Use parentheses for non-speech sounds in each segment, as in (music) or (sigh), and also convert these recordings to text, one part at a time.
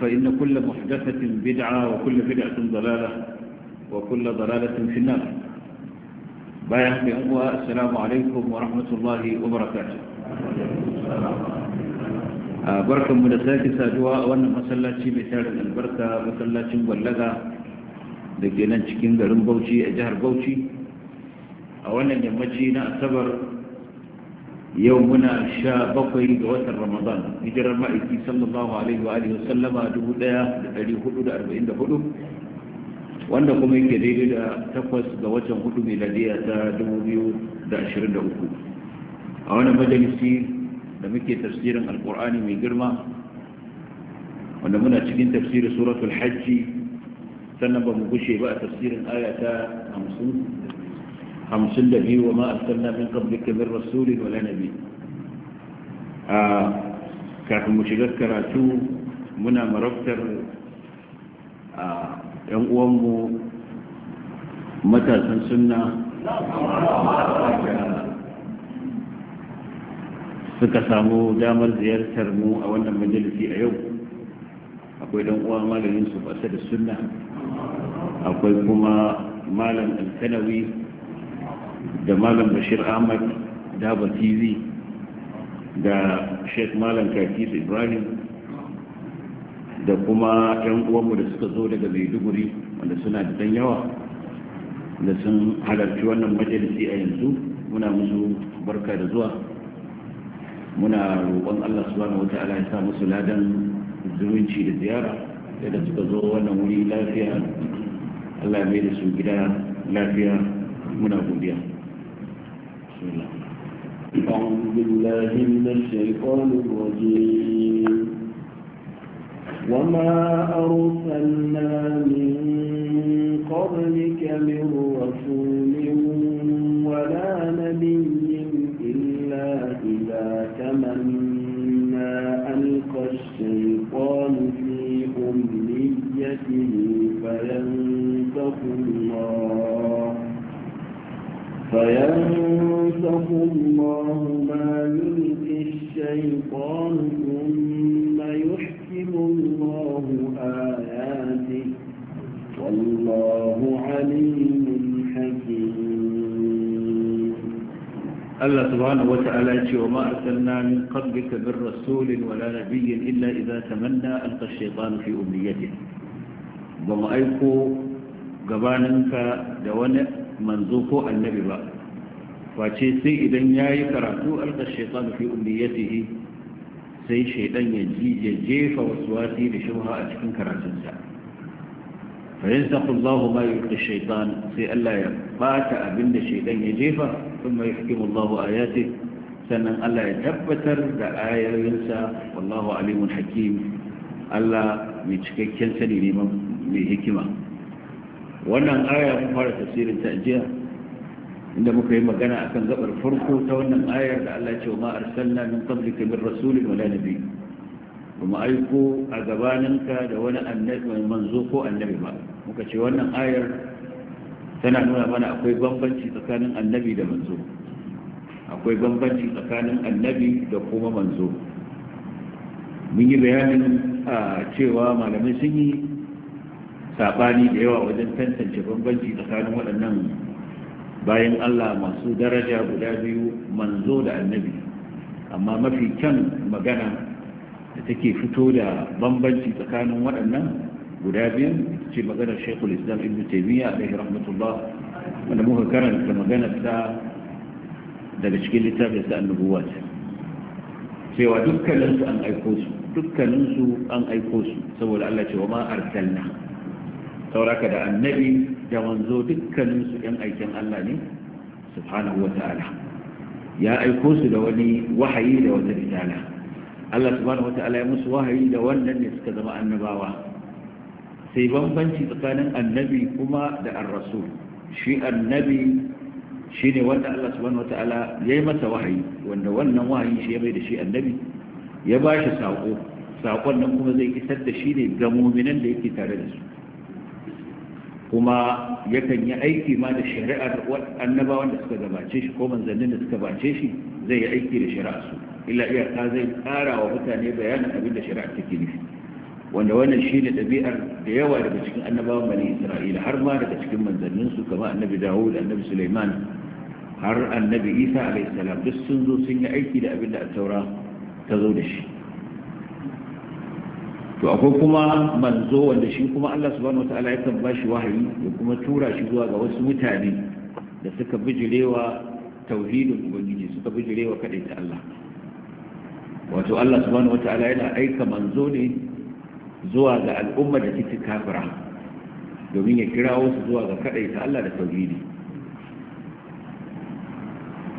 فإن كل محدثة بدعة وكل بدعة ضلالة وكل ضلالة في النار بايعك أموة السلام عليكم ورحمة الله وبركاته آه، بركة مدساك سادوا وانا مسلاة مثال البركة مسلاة مبلغة لكي ننشكين غرم بوشي أجهر بوشي أولا آه، يمجينا أصبر yau muna sha bakwai ga watan ramadan hijirar ma'aiki sallallahu alaihi wa alihi wasallama dubu daya da dari hudu da arba'in da hudu wanda kuma yake daidai da takwas ga watan hudu miladiya ta dubu biyu da ashirin da uku a wani majalisi da muke tafsirin alkur'ani mai girma wanda muna cikin tafsirin suratul hajji sannan ba mu gushe ba a tafsirin aya ta hamsin hamsin da biyu wa ma'arsalna min qablika min rasulin wala nabi a kafin mu shiga karatu muna marabtar a yan uwanmu matasan sunna suka samu damar ziyartar mu a wannan majalisi a yau akwai dan uwa malamin su fasa da sunna akwai kuma malam alkanawi da malam bashir ahmad daba tv da sheikh malam kakis ibrahim da kuma yan uwanmu da suka zo daga maiduguri wanda suna da dan yawa da sun halarci wannan majalisi a yanzu muna musu barka da zuwa muna roƙon allah subhanahu wata'ala ya sa musu ladan zumunci da ziyara yadda suka zo wannan wuri lafiya allah mai da su gida lafiya muna godiya أعوذ بالله من الشيطان الرجيم وما أرسلنا من قبلك من رسول ولا نبي إلا إذا تمنى ألقى الشيطان في أمنيته فينتق الله فينسخ الله ما يلقي الشيطان ثم يحكم الله آياته والله عليم حكيم الله سبحانه وتعالى وما أرسلنا من قبلك من رسول ولا نبي إلا إذا تمنى ألقى الشيطان في أمنيته وما أيقوا قبانك دونك manzo ko annabi ba face sai idan ya yi karatu alka shaitan fi umniyatihi sai shaidan ya jije jefa wasi da shubha a cikin karatunsa fa yansaqu Allahu ma yulqi shaitan sai Allah ya bata abin da ya jefa kuma yahkimu Allahu ayatihi sannan Allah ya tabbatar da ayoyinsa wallahu alimun hakim Allah mai cikakken sani ne mai hikima wannan aya mun fara tafsirin ta jiya inda muka yi magana akan gabar farko ta wannan ayar da Allah ya ce ma arsalna min qablika min rasulin wala nabi kuma aiko a gabaninka da wani annabi manzo ko annabi ba muka ce wannan ayar tana nuna mana akwai bambanci tsakanin annabi da manzo akwai bambanci tsakanin annabi da kuma manzo mun yi bayanin a ah, cewa malamai sun yi saɓani da yawa wajen tantance bambanci tsakanin waɗannan bayan Allah masu daraja guda biyu manzo da annabi amma mafi kyan magana da take fito da bambanci tsakanin waɗannan guda biyun ce maganar shekul islam ibn taimiyya alaihi rahmatullah wanda muka karanta maganar ta daga cikin littafin sa annabuwa cewa dukkaninsu an aiko su dukkaninsu an aiko su saboda Allah ce wa ma arsalna sauraka da annabi da wanzo dukkanin su ɗan aikin Allah ne subhanahu wa ta'ala ya aiko su da wani wahayi da wata risala Allah subhanahu wa ta'ala ya musu wahayi da wannan ne suka zama annabawa sai bambanci tsakanin annabi kuma da ar-rasul shi annabi shi ne wanda Allah subhanahu wa ta'ala ya yi masa wahayi wanda wannan wahayi shi ya bai da shi annabi ya ba shi saƙo saƙon nan kuma zai isar da shi ne ga muminan da yake tare da su kuma yakan yi aiki ma da shari'ar annabawan da suka gabace shi ko manzannin da suka bace shi zai yi aiki da shari'ar su illa iyaka zai tsara wa mutane bayanin abin da shari'ar take nufi wanda wannan shi ne ɗabi'ar da yawa daga cikin annabawan bani isra'ila har ma daga cikin manzannin su kamar annabi da annabi suleiman har annabi isa alayhi salam duk sun zo sun yi aiki da abin da taura ta zo da shi to akwai kuma manzo wanda shi kuma Allah subhanahu wataala yakan ba shi wahayi ya kuma tura shi zuwa ga wasu mutane da suka bijirewa tauhidin ubangiji suka bijirewa kadai ta Allah wato Allah subhanahu wataala yana aika manzo ne zuwa ga al'umma da take kafira domin ya kirawo su zuwa ga kadai ta Allah da tauhidi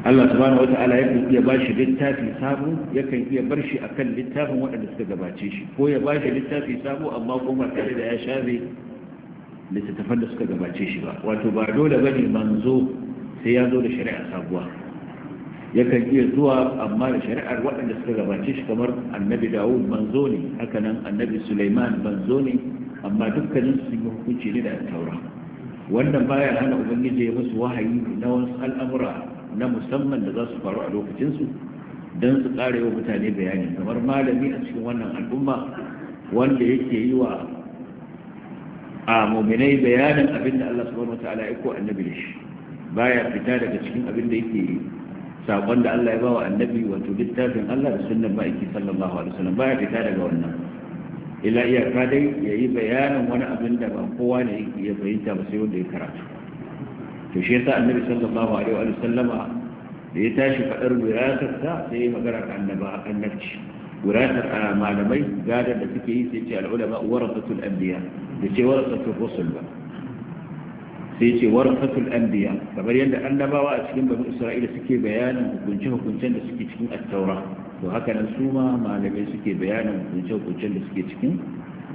Allah subhanahu wata'ala ya kan iya bashi littafi sabo ya iya bar shi akan littafin waɗanda suka gabace shi ko ya bashi littafi sabo amma kuma tare da ya share littattafan da suka gabace shi ba wato ba dole bane manzo sai ya zo da shari'a sabuwa ya kan iya zuwa amma da shari'ar waɗanda suka gabace shi kamar annabi Dawud manzo ne hakanan annabi Sulaiman manzo ne amma dukkanin su yi hukunci ne da taura wannan baya hana ubangiji ya musu wahayi na wasu al'amura na musamman da za su faru a lokacinsu don su ƙara wa mutane bayani kamar malami a cikin wannan al'umma wanda yake yi wa a muminai bayanin abin da Allah subhanahu wataala ya ko annabi da shi baya fita daga cikin abin da yake sakon da Allah ya bawa annabi wato littafin Allah da sunnan ma'aiki sallallahu alaihi wasallam baya fita daga wannan ila iyaka dai yayi bayanin wani abin da ba kowa ne yake ya fahimta ba sai wanda ya karatu to shi yasa annabi sallallahu alaihi wa sallama da ya tashi fadar wirasar ta sai ya magana ka annaba annabci wirasar malamai gadar da suke yi sai ce al'ulama warasatul anbiya da ce warasatul rusul ba sai ce warasatul anbiya kamar yadda annabawa a cikin banu isra'ila suke bayanin hukunce hukuncen da suke cikin at-taura to haka nan su ma malamai suke bayanin hukunce hukuncen da suke cikin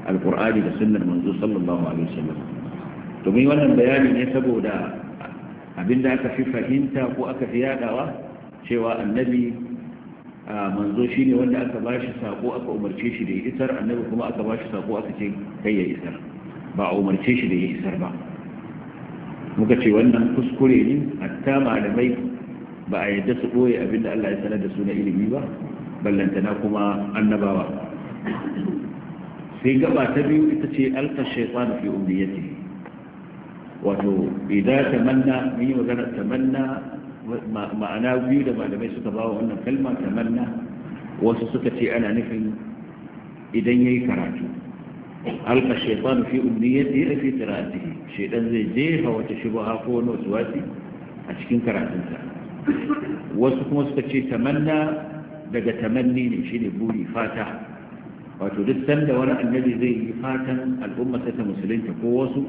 alqur'ani da sunnar manzo sallallahu alaihi wasallam to mun wannan bayani ne saboda abinda aka fi fahimta ko aka fi yadawa cewa annabi manzo shine wanda aka shi sako aka umarce shi da ya isar annabi kuma aka shi sako aka ce kai ya isar ba a umarce shi da ya isar ba muka ce wannan kuskure ne hatta malamai ba a yadda su ɓoye abinda Allah ya sanar da su na ilimi ba ballantana kuma annabawa sai gaba ta biyu ita ce alka shaitan fi umniyati wato idan tamanna mun yi magana tamanna ma'ana biyu da malamai suka ba wa wannan kalma tamanna wasu suka ce ana nufin idan yayi karatu alka shaytan fi umniyati ya fi qira'atihi shaytan zai jefa wata shubha ko wani waswasi a cikin karatunsa wasu kuma suka ce tamanna daga tamanni ne shine buri fata wato duk sanda wani annabi zai yi fatan al'umma ta musulunta ko wasu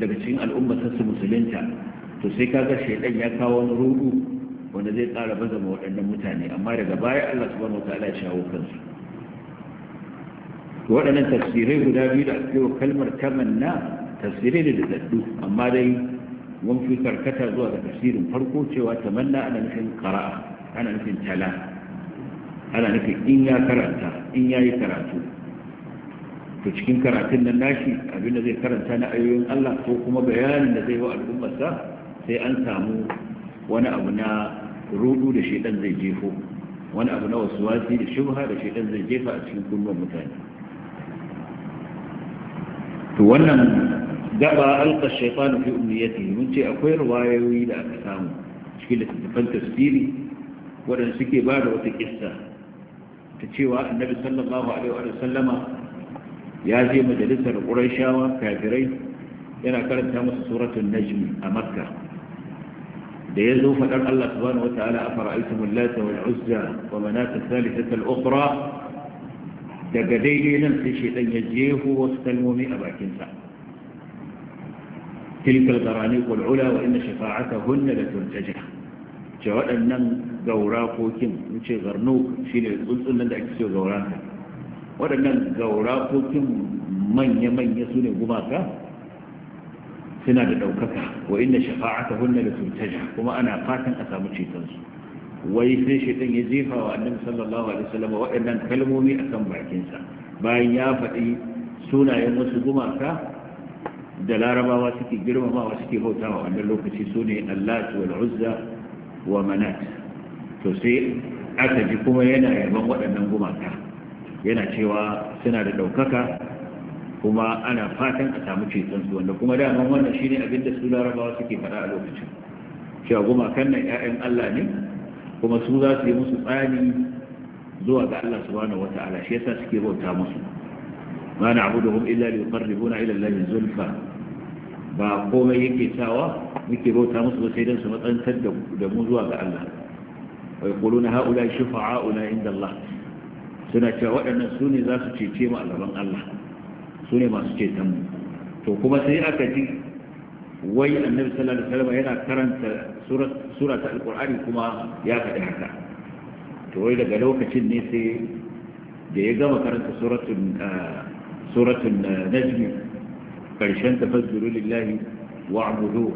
daga cikin al'ummar sassu musulunta to sai kaga shaidan ya kawo wani rudu wanda zai tsara baza ma waɗannan mutane amma daga baya Allah subhanahu wataala ya shawo kansu to waɗannan tafsirai guda biyu da ake wa kalmar tamanna tafsirai da daddu amma dai mun fi karkata zuwa ga tasirin farko cewa tamanna ana nufin qara'a ana nufin tala ana nufin in ya karanta in yayi karatu to cikin karatun nan nashi abinda zai karanta na ayoyin Allah ko kuma bayanin da zai wa al'ummarsa sai an samu wani abu na rudu da shedan zai jefo wani abu na wasuwasi da shubha da shedan zai jefa a cikin kullum mutane to wannan gaba alqa shaytanu fi umniyatihi mun ce akwai riwayoyi da aka samu cikin littattafan tafsiri waɗanda suke ba da wata kissa ta cewa annabi sallallahu alaihi wa sallama ya je majalisar ƙurashawa kafirai yana karanta musu suratul najm a makka da ya zo faɗar Allah subhanahu wa ta'ala a fara'aitum lata wal uzza wa manata thalithata al-ukhra daga daidai nan sai shedan ya jeho wasu kalmomi a bakinsa تلك الغرانيق العلا وإن شفاعتهن لتنتجع جواء أنن غوراقوكم نشي غرنوك شيني قلت أنن دعك سيو غوراقوكم waɗannan gaurakokin manya-manya su ne gumaka suna da ɗaukaka wa inda ta hunna da tutaja kuma ana fatan a samu cetonsu wai sai shaitan ya jefa wa annabi sallallahu alaihi wasallam waɗannan kalmomi a kan bakinsa bayan ya faɗi sunayen wasu gumaka da larabawa suke girmamawa suke bautawa wannan lokaci su ne allah wal uzza wa manat to sai aka ji kuma yana yaban waɗannan gumaka yana cewa suna da ɗaukaka kuma ana fatan a samu cetonsu wanda kuma daman wannan shi ne abinda su larabawa suke faɗa a lokacin cewa kan nan 'ya'yan Allah ne kuma su za su yi musu tsani zuwa ga Allah su wata ala shi yasa suke bauta musu Ba na abu ma na'buduhum illa liqarribuna ila Allah zulfa ba komai yake sawa muke bauta musu ba sai don su matsantar da mu zuwa ga Allah wa yaquluna ha'ula shufa'a'una inda Allah suna cewa waɗannan su ne za su cece mu a Allah su ne masu ceton mu to kuma sai aka ji wai annabi sallallahu alaihi wasallam yana karanta sura ta alqur'ani kuma ya faɗi haka to wai daga lokacin ne sai da ya gama karanta suratul ah, suratul ah, najm karshen tafazziru lillahi wa'budu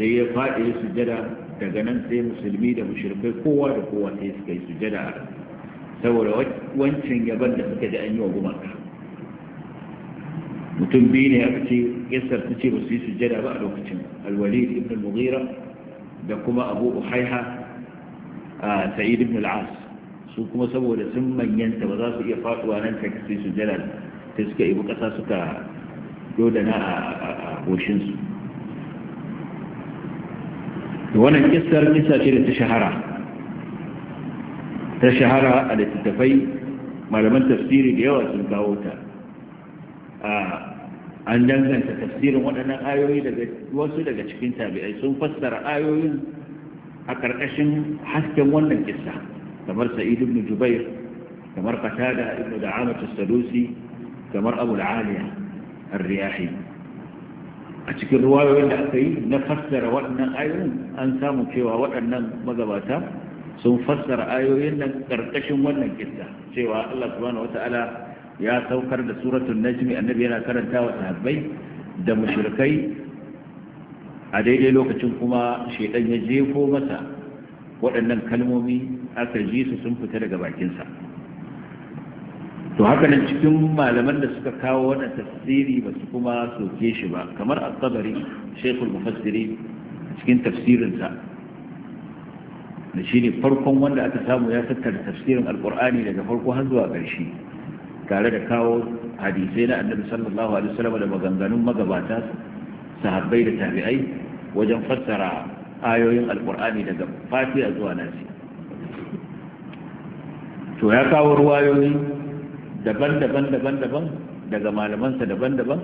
sai ya faɗi sujada daga nan sai musulmi da mushrikai kowa da kowa sai suka yi sujada saboda wancan yaban da suka ji an yi wa gumaka mutum biyu ne aka ce yassar ta ce ba su yi sujjada ba a lokacin alwalid ibn al-mughira da kuma abu uhaiha a sa'id ibn al-as su kuma saboda sun manyanta ba za su iya faduwa nan ta su sujjada sai suka ibi kasa suka dodana a goshinsu wannan kissar kissa ce da ta shahara ta shahara a littattafai malaman tafsiri da yawa sun kawo ta an danganta tafsirin waɗannan ayoyi daga wasu daga cikin tabi'ai sun fassara ayoyin a ƙarƙashin hasken wannan kisa, kamar sa'id ibn jubair kamar qatada ibn da'amah as-sadusi kamar abu al-aliya ar-riyahi a cikin ruwayoyin da aka yi na fassara waɗannan ayoyin an samu cewa waɗannan magabata sun fassara ayoyin nan karkashin wannan kissa cewa Allah subhanahu wata'ala ya saukar da suratul najmi annabi yana karanta wa sahabbai da mushrikai a daidai lokacin kuma shedan ya jefo masa waɗannan kalmomi aka ji su sun fita daga bakinsa to haka nan cikin malaman da suka kawo wannan tafsiri ba su kuma soke shi ba kamar at-tabari shaykhul mufassiri cikin tafsirinsa da shi ne farkon wanda aka samu ya tattara tafsirin alkur'ani daga farko har zuwa ƙarshe tare da kawo hadisai na annabi sallallahu alaihi wasallam da maganganun magabata sahabbai da tabi'ai wajen fassara ayoyin alkur'ani daga fatiha zuwa nasi to ya kawo ruwayoyi daban-daban daban-daban daga malamansa daban-daban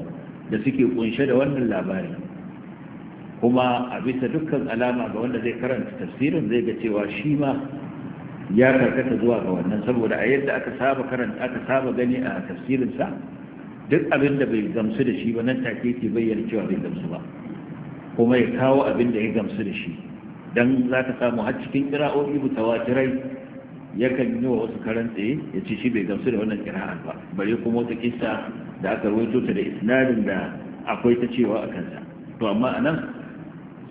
da suke kunshe da wannan labarin kuma a bisa dukkan alama ga wanda zai karanta tafsirin zai ga cewa shi ma ya karkata zuwa ga wannan saboda a yadda aka saba karanta aka saba gani a tafsirinsa duk abin da bai gamsu da shi ba nan take ke bayyana cewa bai gamsu ba kuma ya kawo abin da ya gamsu da shi dan za ka samu har cikin kira'o'i mutawatirai yakan yi wa wasu karan ya ce shi bai gamsu da wannan kira'ar ba bare kuma wata kisa da aka rawaito ta da isnadin da akwai ta cewa a kansa to amma a nan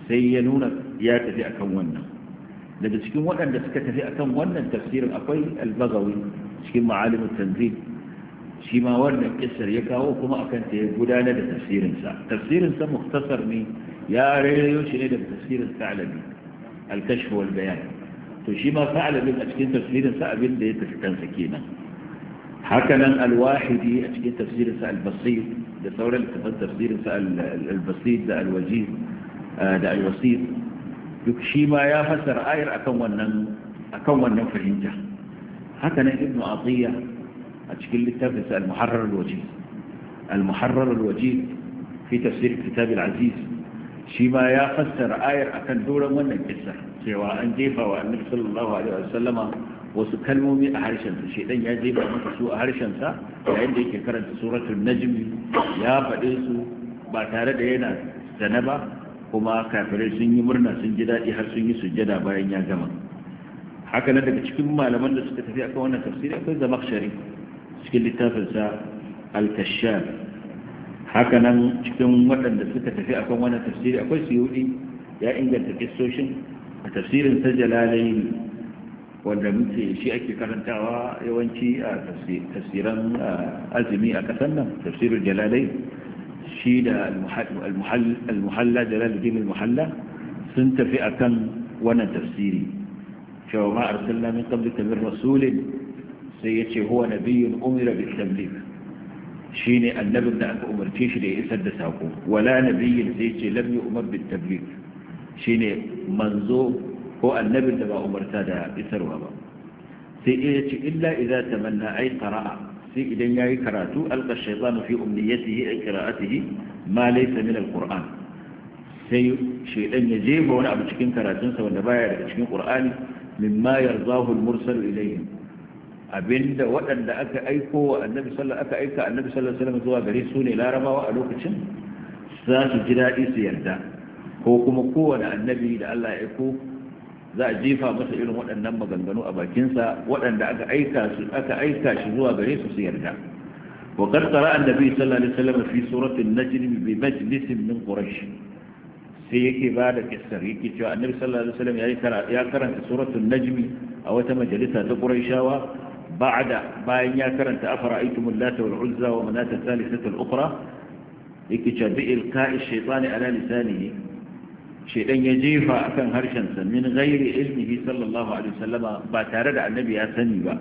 sai ya nuna ya tafi akan wannan daga cikin waɗanda suka tafi akan wannan tafsirin akwai albagawi cikin ma'alimin tanzil shi ma wannan kissar ya kawo kuma akan ta ya gudanar da tafsirinsa tafsirinsa muktasar ne ya rairayo shi ne da tafsirin sa'alabi al-kashf wal bayan to shi ma sa'alabin a cikin tafsirinsa abin da ya tafi kansa kenan hakanan al-wahidi a cikin tafsirinsa al-basir da sauran tafsirinsa al-basir da al-wajih Eh, da al-wasir duk shi ma ya fassara ayar akan wannan akan wannan fahimta haka nan ibnu atiyya a cikin littafin sa al-muharrar al-wajib al-muharrar al-wajib fi tafsir kitab al-aziz shi ma ya fassara ayar akan doron wannan kissa cewa an jefa wa annabi sallallahu alaihi wasallama wasu kalmomi a harshen harshensa shaidan ya jefa masa su a harshen harshensa yayin da yake karanta suratul najm ya faɗe su ba tare da yana zana ba kuma kafirai sun yi murna sun ji daɗi har sun yi sujjada bayan ya gama haka nan daga cikin malaman da suka tafi akan wannan tafsiri akwai zamakshari cikin littafinsa al-kashshar haka nan cikin waɗanda suka tafi akan wannan tafsiri akwai suyudi ya inganta kissoshin a tafsirin ta jalalaini wanda muke shi ake karantawa yawanci a tafsiran azumi a ƙasar nan tafsirin jalalaini شيد المحل المحلى جلال الدين المحلى سنت فئه وانا تفسيري شو ما أرسلنا من قبلك من رسول سيتي هو نبي أمر بالتبليغ شيني النبي بن أبو أمر تيش لي ساقو ولا نبي سيتي لم يؤمر بالتبليغ شيني منزو هو النبي بن أبو أمر تادا إسر سيتي إلا إذا تمنى أي قراءه sai idan yayi karatu alqa shaytanu fi umniyatihi ay qira'atihi ma laysa min alquran sai shaydan ya jefa wani abu cikin karatunsa wanda baya daga cikin qur'ani mimma yarzahu almursal ilayhim abinda waɗanda aka aiko wa annabi sallallahu aka aika annabi sallallahu alaihi wasallam zuwa gare su ne larabawa a lokacin za su ji daɗi su yarda ko kuma kowane annabi da Allah ya aiko za a jefa masa irin waɗannan maganganu a bakinsa waɗanda aka aika su aka aika shi zuwa gare su su yarda wa qad qara annabi sallallahu alaihi wasallam fi surati an-najm bi majlis min quraish sai yake ba da kissar yake cewa annabi sallallahu alaihi wasallam ya karanta suratul najmi a wata majalisa ta quraishawa ba'da bayan ya karanta afara'aytumul lata wal uzza wa manata thalithatu al-ukhra yake cewa bi ilqa'i shaytani ala lisanihi shedan ya jefa kan harshensa min ghairi ilmihi sallallahu alaihi wasallama ba tare da annabi ya sani ba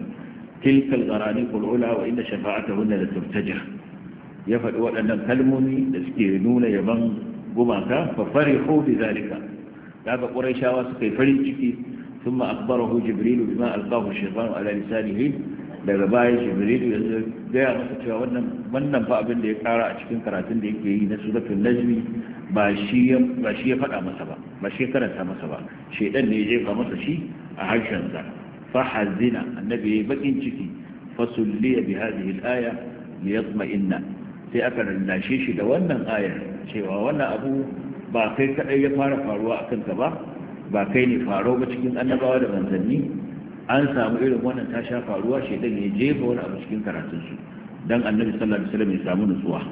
tilkal gharaniqul kul'ula wa shafa'ata hunna da turtaja ya faɗi waɗannan kalmomi da suke nuna yaban gumaka fa farihu bi zalika daga ƙurai suka yi farin ciki ثم akbarahu jibrilu بما ألقاه الشيطان على لسانه daga baya jibrilu ya gaya masa cewa wannan fa abin da ya kara a cikin karatun da yake yi na suratul najmi ba shi ya faɗa masa ba ba shi ya karanta masa ba shedan ne ya jefa masa shi a harshen sa fa hazina annabi ya bakin ciki fa sulliya bi hadhihi al-aya li yatma'inna sai aka rannashe shi da wannan ayar cewa wannan abu ba kai kadai ya fara faruwa akan ka ba ba kai ne faro ba cikin annabawa da manzanni an samu irin wannan ta sha faruwa shaidan ya jefa wani abu cikin karatunsu don annabi sallallahu alaihi wasallam ya samu nutsuwa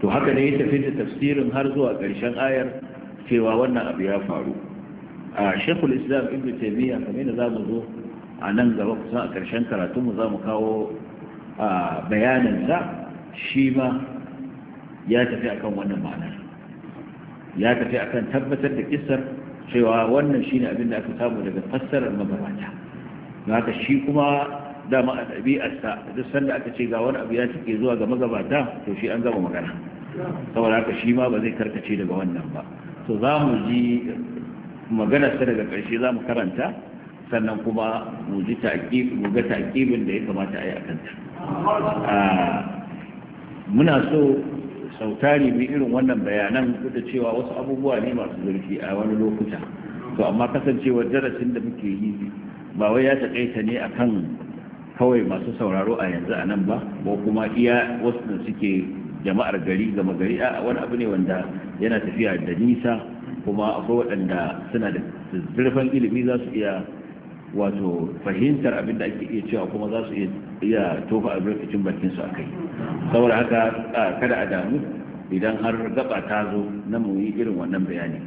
to haka ne ya tafi da tafsirin har zuwa ƙarshen ayar cewa wannan abu ya faru a shekul islam ibn taymiya kamar da zamu zo a nan gaba kusan a ƙarshen karatun mu zamu kawo bayanin sa shi ma ya tafi akan wannan ma'anar ya tafi akan tabbatar da kissar cewa wannan shine abin da aka samu daga fassarar magabata haka shi kuma dama a ɗabi'arsa duk sanda aka ce ga wani abu ya cike zuwa ga magabata to shi an gama magana saboda haka shi ma ba zai karkace daga wannan ba to za mu ji maganarsa daga ƙarshe za mu karanta sannan kuma mu ji ga taƙibin da ya kamata a yi a kanta ah, muna so sautari bi irin wannan bayanan da cewa wasu abubuwa ne masu zurfi a wani lokuta to amma kasancewar darasin da muke yi ba wai ya takaita ne a kan kawai masu sauraro a yanzu a nan ba ko kuma iya wasu da suke jama'ar gari gama gari a wani abu ne wanda yana tafiya da nisa kuma akwai waɗanda suna da zurfin ilimi za su iya wato fahimtar abin da ake iya cewa kuma za su iya tofa lokacin bakin su akai saboda haka kada a damu idan har gaba ta zo na mu yi irin wannan bayani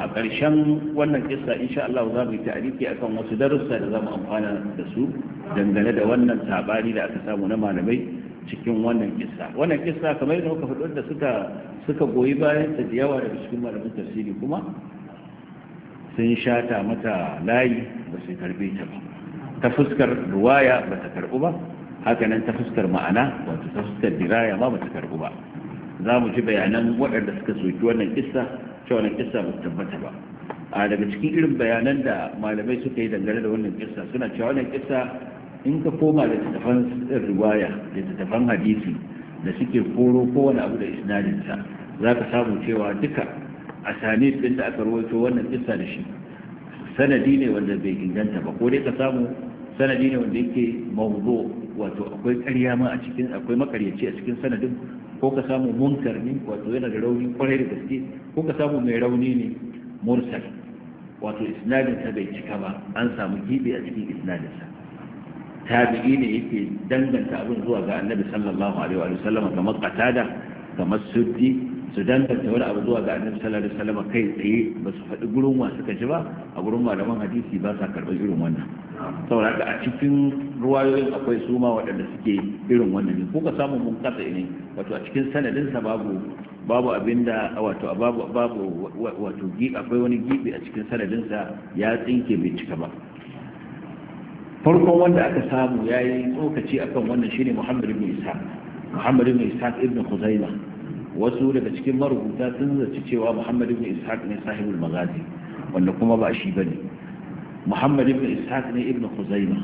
a ƙarshen wannan kissa insha Allah za mu yi ta'ariki akan wasu darussa da za mu amfana da su dangane da wannan sabani da aka samu na malamai cikin wannan kissa wannan kissa kamar yadda muka faɗo da suka suka goyi bayan ta da yawa daga cikin malamin tafsiri kuma sun shata mata layi ba su karbe ta ba ta fuskar ruwaya ba ta karbu ba Haka nan ta fuskar ma'ana wato ta fuskar diraya ma ba ta karbu ba za mu ji bayanan waɗanda suka soki wannan kissa cewa wannan kissa ba tabbata ba a daga cikin irin bayanan da malamai suka yi dangane da wannan kissa suna cewa wannan kissa in ka koma da tattafan riwaya da tattafan hadisi da suke koro kowane abu da isnadinsa za ka samu cewa duka asanid din da aka rawaito wannan kissa da shi sanadi ne wanda bai inganta ba ko dai ka samu sanadi ne wanda yake mawdu wato akwai ƙarya ma a cikin akwai makaryaci a cikin sanadin ko ka samu munkar ne wato yana da rauni kwarai da gaske ko ka samu mai rauni ne mursal wato isnadin sa bai cika ba an samu gibi a cikin isnadin sa tabi'i ne yake danganta abin zuwa ga annabi sallallahu alaihi wa sallam kamar qatada kamar suddi su danganta wani abu zuwa ga annabi sallallahu alaihi wasallam kai tsaye ba su faɗi gurin wa suka ji ba a gurin malaman hadisi ba sa karɓar irin wannan saboda haka a cikin ruwayoyin akwai su ma waɗanda suke irin wannan ne ko ka samu mun kasa ne wato a cikin sanadin sa babu babu abinda wato babu babu wato akwai wani gibi a cikin sanadin sa ya tsinke bai cika ba farkon wanda aka samu yayi tsokaci akan wannan shine Muhammad ibn Isa Muhammad ibn Isa ibn Khuzaimah wasu daga cikin marubuta sun zaci cewa muhammad ibn ishaq ne sahibul magazi wanda kuma ba shi bane muhammad ibn ishaq ne ibn khuzaima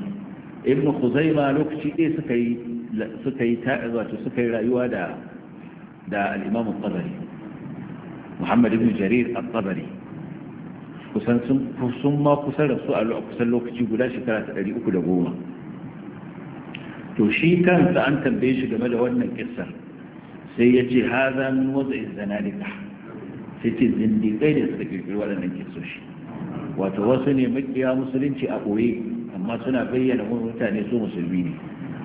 ibn khuzaima lokaci ɗaya suka yi suka yi wato suka yi rayuwa da da al-imam al-tabari muhammad ibn jarir al-tabari kusan sun sun ma kusan rasu a kusan lokaci guda shekara ta ɗari uku da goma. to shi kansa an tambaye shi game da wannan kissar sai ya ce haza min wata zanadika sai ce zindiƙai ne suka kirkiri waɗannan kisoshi wato wasu ne makiya musulunci a ɓoye amma suna bayyana mutane su musulmi ne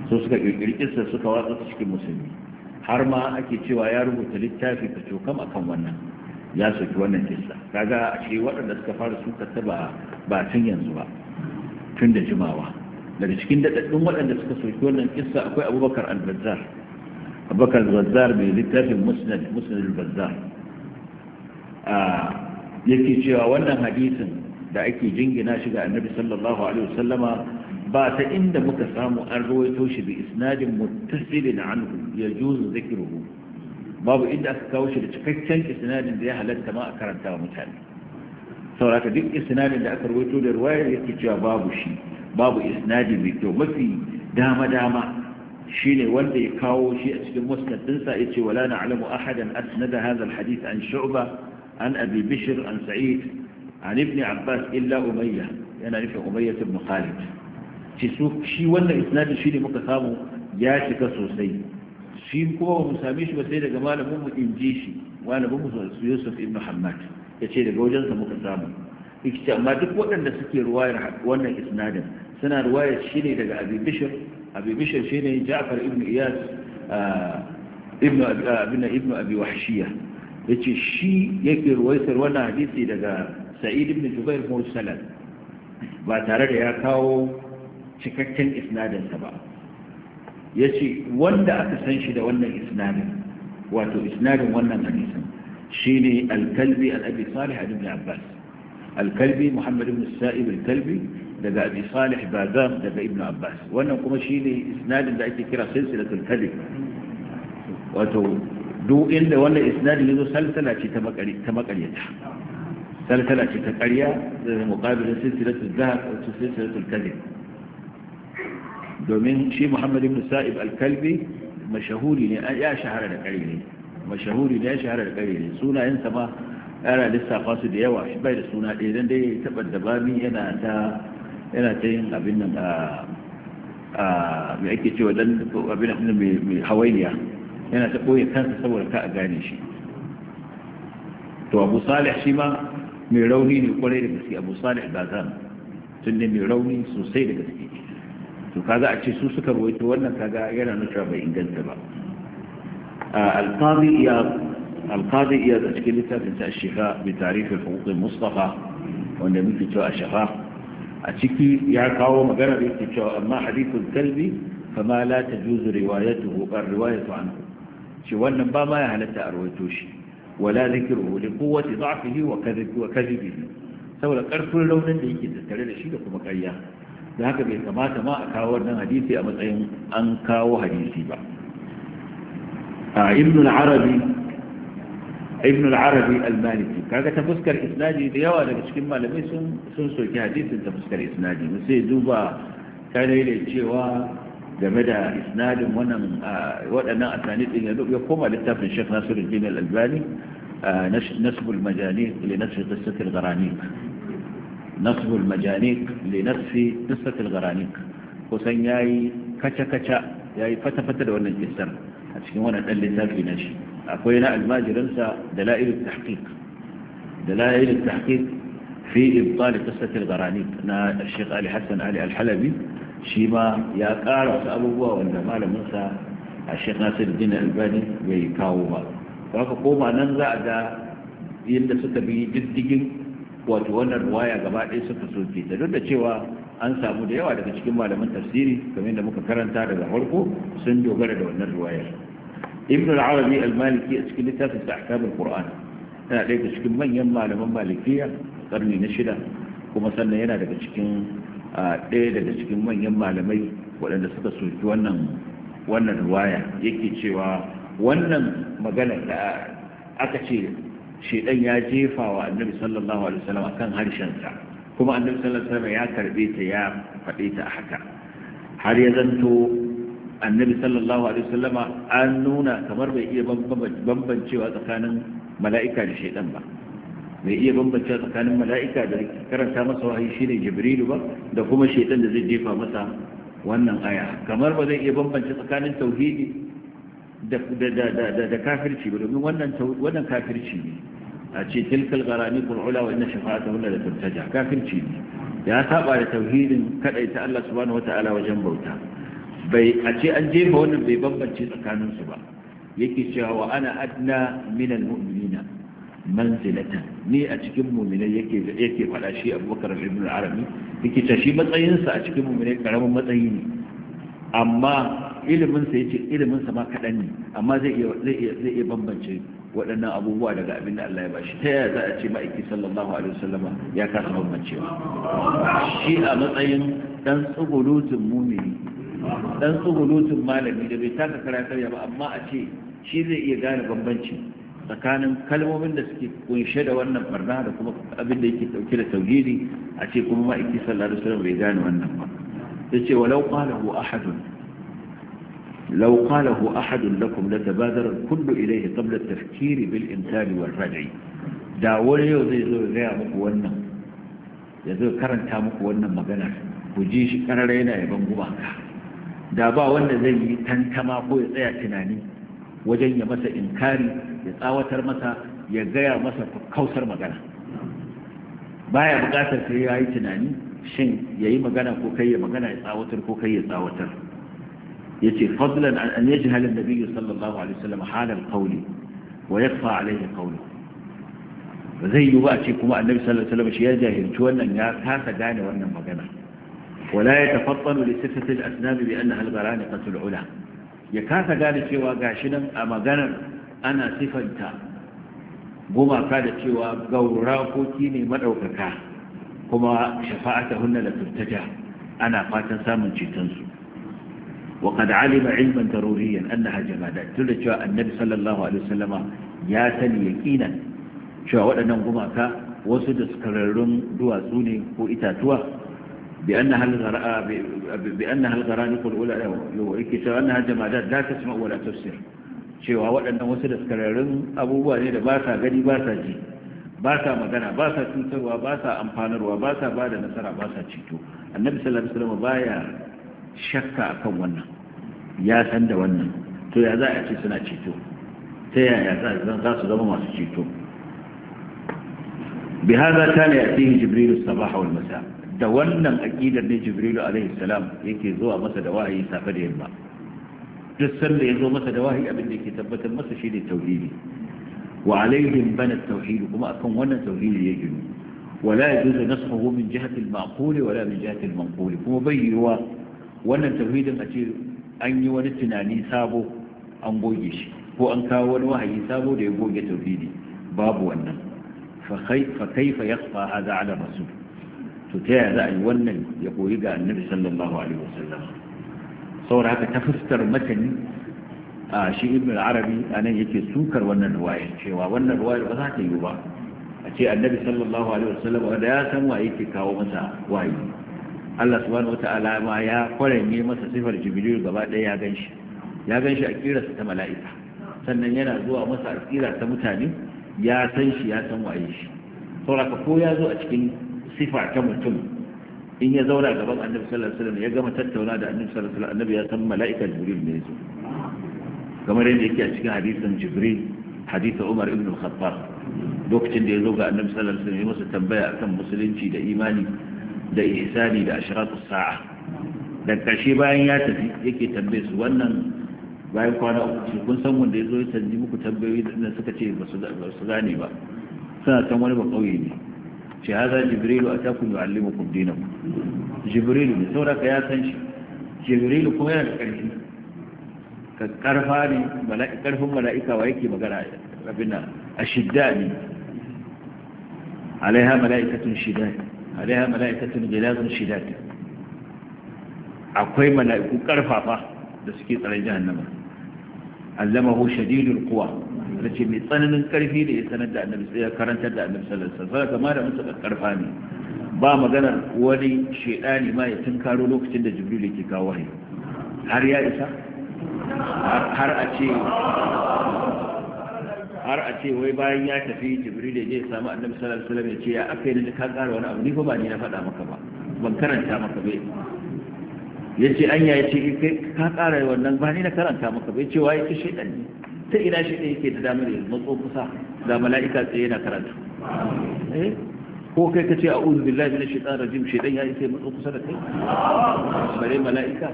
so suka ƙirƙiri kissa suka watsa cikin musulmi har ma ake cewa ya rubuta littafi ka cokam akan wannan ya soki wannan kissa kaga a ce waɗanda suka fara suka ta ba tun yanzu ba tun da jimawa daga cikin daɗaɗɗun waɗanda suka soki wannan kissa akwai abubakar albazar abubakar bazzar mai littafin musnad musnad bazzar yake cewa wannan hadisin da ake jingina shi ga annabi sallallahu alaihi wasallama ba ta inda muka samu an rawaito shi ya juzu zikiruhu babu inda aka kawo shi da cikakken isnadin da ya halatta ma a karanta wa mutane sauraka duk isnadin da aka ruwato da ruwayar yake cewa babu shi babu isnadi mai kyau mafi dama dama shine wanda ya kawo shi a cikin musnad dinsa yace wala na'lamu ahadan asnada hadha alhadith an shu'ba an abi bishr an sa'id an ibn abbas illa umayya yana nufin umayya ibn khalid ci su shi wannan isnadi shine muka samu ya shiga sosai shi kuma ba mu same shi ba sai daga malamin mu inji shi malamin mu Yusuf ibn Hammad yace daga wajen sa muka samu ikita amma duk waɗanda suke ruwayar wannan isnadin suna ruwayar shi ne daga Abi Bishr abi bishir ne ja'far ibn iyas ibn abi wahshiya yace shi yake ruwaitar wannan hadisi daga sa'id ibn jubair mursalan ba tare da ya kawo cikakken isnadinsa ba ce wanda aka san shi da wannan isnadin wato isnadin wannan hadisin shi ne kalbi al salih ibn abbas alkalbi Muhammadu muhammad ibn daga abi salih bazam daga ibnu abbas wannan kuma shine isnadin da ake kira silsilatul kadhib wato duk inda wannan isnadin yazo salsala ce ta makari ta makaryata salsala ce ta ƙarya da muqabil silsilatul zahab wato silsilatul kadhib domin shi muhammad ibn sa'ib al-kalbi mashahuri ne ya shahara da ƙarya ne mashahuri ne ya shahara da ƙarya ne sunayensa ma yana lissafa su da yawa shi bai da suna ɗaya dan dai taɓa da bami yana ta yana ta yin abin nan a ah, ah, mai ake cewa dan abin nan mai hawainiya yana ta ɓoye kansa saboda ka a gane shi to abu salih shi ma mai rauni ne kwarai da gaske abu salih ba zan tun ne mai rauni sosai da gaske to kaga a ce su suka rawaito wannan kaga yana nuna bai inganta ba ah, alqadi iya alqadi ya da cikin littafin sa shifa bi tarif al-huquq al-mustafa wanda muke cewa shafa a ciki ya kawo magana da yake cewa amma hadithul kalbi fama la tajuzu riwayatuhu qar riwayatu anhu shi wannan ba ma ya halatta a rawaito shi wala dhikruhu li kowace dha'fihi wa kadhibi wa saboda karfin raunin da yake tattare da shi da kuma karya. da haka bai kamata ma a kawo wannan hadisi a matsayin an kawo hadisi ba a ibn al-arabi ibn al-arabi al-maliki kaga ta fuskar isnadi da yawa daga cikin malamai sun sun soki hadisin ta fuskar isnadi mu sai duba ta da cewa game da isnadin wannan waɗannan asanid din ya koma littafin Sheikh Nasiruddin al-Albani نسب المجانيق لنسف قصة الغرانيق نسب المجانيق لنسف قصة الغرانيق kusan ya yi kaca-kaca ya yi fata-fata da wannan kisar a cikin wannan dan littafi na shi akwai na almajiransa da la'ilin tahqiq da la'ilin tahqiq fi ibtal qissatil gharani na Sheikh Ali Hassan Ali al shi ma ya kara wasu abubuwa wanda malamin sa a Sheikh Nasiruddin bai kawo ba haka koma nan za a da yadda suka bi diddigin wato wannan ruwaya gaba ɗaya suka soke da duk da cewa an samu da yawa daga cikin malaman tafsiri kamar da muka karanta daga farko sun dogara da wannan ruwayar ibn al-arabi al-maliki a cikin littafin sa ahkamul qur'an yana ɗaya daga cikin manyan malaman malikiya karni na shida kuma sannan yana daga cikin ɗaya daga cikin manyan malamai waɗanda suka soki wannan wannan ruwaya yake cewa wannan magana da aka ce shedan ya jefa wa annabi sallallahu alaihi wasallam akan harshen sa kuma annabi sallallahu alaihi wasallam ya karbe ta ya faɗe ta haka har ya zanto annabi sallallahu alaihi wasallama an nuna kamar bai iya bambancewa tsakanin mala'ika da shaidan ba bai iya bambancewa tsakanin mala'ika da karanta masa wahayi shine jibrilu ba da kuma shaidan da zai jefa masa wannan aya kamar ba zai iya bambance tsakanin tauhidi da da kafirci ba domin wannan wannan kafirci ne a ce tilkal garani kul ula wa inna shafa'ata hulla da tuntaja." kafirci ne ya saba da tauhidin kadaita Allah subhanahu wataala wajen bauta bai a ce an jefa wannan bai bambance tsakaninsu ba yake cewa wa ana adna minal mu'minina manzilatan ni a cikin mu'minai yake yake fada shi Abubakar ibn al-Arabi yake cewa shi matsayinsa a cikin mu'minai karamin matsayi ne amma ilimin sa yace ilimin sa ma kadan ne amma zai iya zai iya zai iya bambance waɗannan abubuwa daga abin da Allah ya bashi ta yaya za a ce ma'aiki sallallahu alaihi wasallama ya kasa bambancewa shi a matsayin dan tsugulutun mumini dan tsuhulutun malami da bai taka karatar ya ba amma a ce shi zai iya gane bambanci tsakanin kalmomin da suke kunshe da wannan barna da kuma abin da yake dauke da tauhidi a ce kuma ma'aiki sallallahu alaihi wasallam bai gane wannan ba yace walau qalahu ahadun law qalahu ahadun lakum latabadara kullu ilayhi qabla at-tafkiri bil imsal wal raj'i da wani yau zai zo ya muku wannan ya zo karanta muku wannan magana ku ji shi yana yaban gumaka da ba wanda zai yi tantama ko ya tsaya tunani wajen ya masa inkari ya tsawatar masa ya gaya masa kausar magana baya bukatar sai ya yi tunani shin ya yi magana ko kai ya magana ya tsawatar ko kai ya tsawatar ya ce fadlan an yaji halin da biyu sallallahu alaihi wasallam halar kauli wa ya fa alaihi kauli ba zai yi ba a ce kuma annabi sallallahu alaihi wasallam shi ya jahilci wannan ya kasa gane wannan magana ولا يتفطن لصفة الأسنان بأنها البرانقة العلا يكاث قال سوى قاشنا أما قال أنا صفنت بما قال سوى قوراكو تيني مدعوككا كما شفاعتهن لترتجى أنا فاتن سامن جيتنسو وقد علم علما ضروريا أنها جمادات تلجى النبي صلى الله عليه وسلم ياتن يكينا شوى ودنا قمعك wasu daskararrun duwatsu ne ko itatuwa بأنها الغراء بأنها الغرانق الأولى يكتب أنها جمادات لا تسمع ولا تفسر cewa waɗannan wasu daskararrun abubuwa ne da ba sa gani ba sa ji ba sa magana ba sa cutarwa ba sa amfanarwa ba sa ba da nasara ba sa ceto annabi sallallahu alaihi wasallam baya shakka akan wannan ya san da wannan to ya za a ce suna ceto ta yaya za su zama masu ceto da wannan aƙidar ne jibrilu alaihi salam yake zuwa masa da wahayi safe da yamma duk sanda ya zo masa da wahayi abin da yake tabbatar masa shi ne tauhidi wa alaihim bana tauhid kuma akan wannan tauhidi ya ginu wala yajuzu nasxuhu min jihati al-ma'qul wala min jihati al-manqul kuma bayyuwa wannan tauhidin a ce an yi wani tunani sabo an goge shi ko an kawo wani wahayi sabo da ya goge tauhidi babu wannan fa kaifa yakhfa hadha ala rasul to ta yaya za a yi wannan ya koyi ga annabi sallallahu alaihi wasallam saboda haka ta fuskar matani a shi ibn al a nan yake sukar wannan ruwayar cewa wannan ruwayar ba za ta yi ba a ce annabi sallallahu alaihi wasallam wanda ya san wa yake kawo masa wayi Allah subhanahu wata'ala ma ya kwaranye masa sifar jibril gaba ɗaya ya ganshi ya ganshi a kirarsa ta mala'ika sannan yana zuwa masa a ta mutane ya san shi ya san waye shi saboda ko ya zo a cikin sifa ta mutum in ya zauna gaban annabi sallallahu alaihi ya gama tattauna da annabi sallallahu alaihi wasallam annabi ya san mala'ika jibril ne yazo kamar yadda yake a cikin hadisin jibril hadisi umar ibn al-khattab lokacin da ya zo ga annabi sallallahu alaihi wasallam ya masa tambaya akan musulunci da imani da ihsani da ashratus sa'a da karshe bayan ya tafi yake tambaye su wannan bayan kwana uku kun san wanda ya zo ya tanji muku tambayoyi da suka ce ba su gane ba suna san wani ba kauye ne ce haza jibrilu a takun yi alimukum ku. jibrilu ne sauraka ya san shi jibrilu kuma yana da ƙarfi ka ƙarfa ne ƙarfin mala'ika wa yake magana abin nan a shidda ne alaiha mala'ikatun shidda alaiha mala'ikatun gilazun shidda akwai mala'iku ƙarfafa da suke tsare Allama allamahu shadidul kuwa. ce mai tsananin karfi da ya sanar da annabi sai ya karantar da annabi sallallahu alaihi wasallam kamar da musu karfa ne ba magana wani shedani ma ya tunkaro lokacin da jibril yake kawo wahayi har ya isa har a ce har a ce wai bayan ya tafi jibril ya je ya samu annabi sallallahu alaihi wasallam ya ce ya akai ne ka karo wani abu ni fa ba ni na faɗa maka ba ban karanta maka bai ya ce an yaye ce eh, ka ƙara wannan ba ni na karanta maka bai cewa ya ce shaidan ne ta ina shi ne yake da damar ya matso kusa da mala'ika tsaye yana karatu eh? ko kai ka ce a uzu billahi min shaitan rajim shaitan ya isa matso kusa da kai bare mala'ika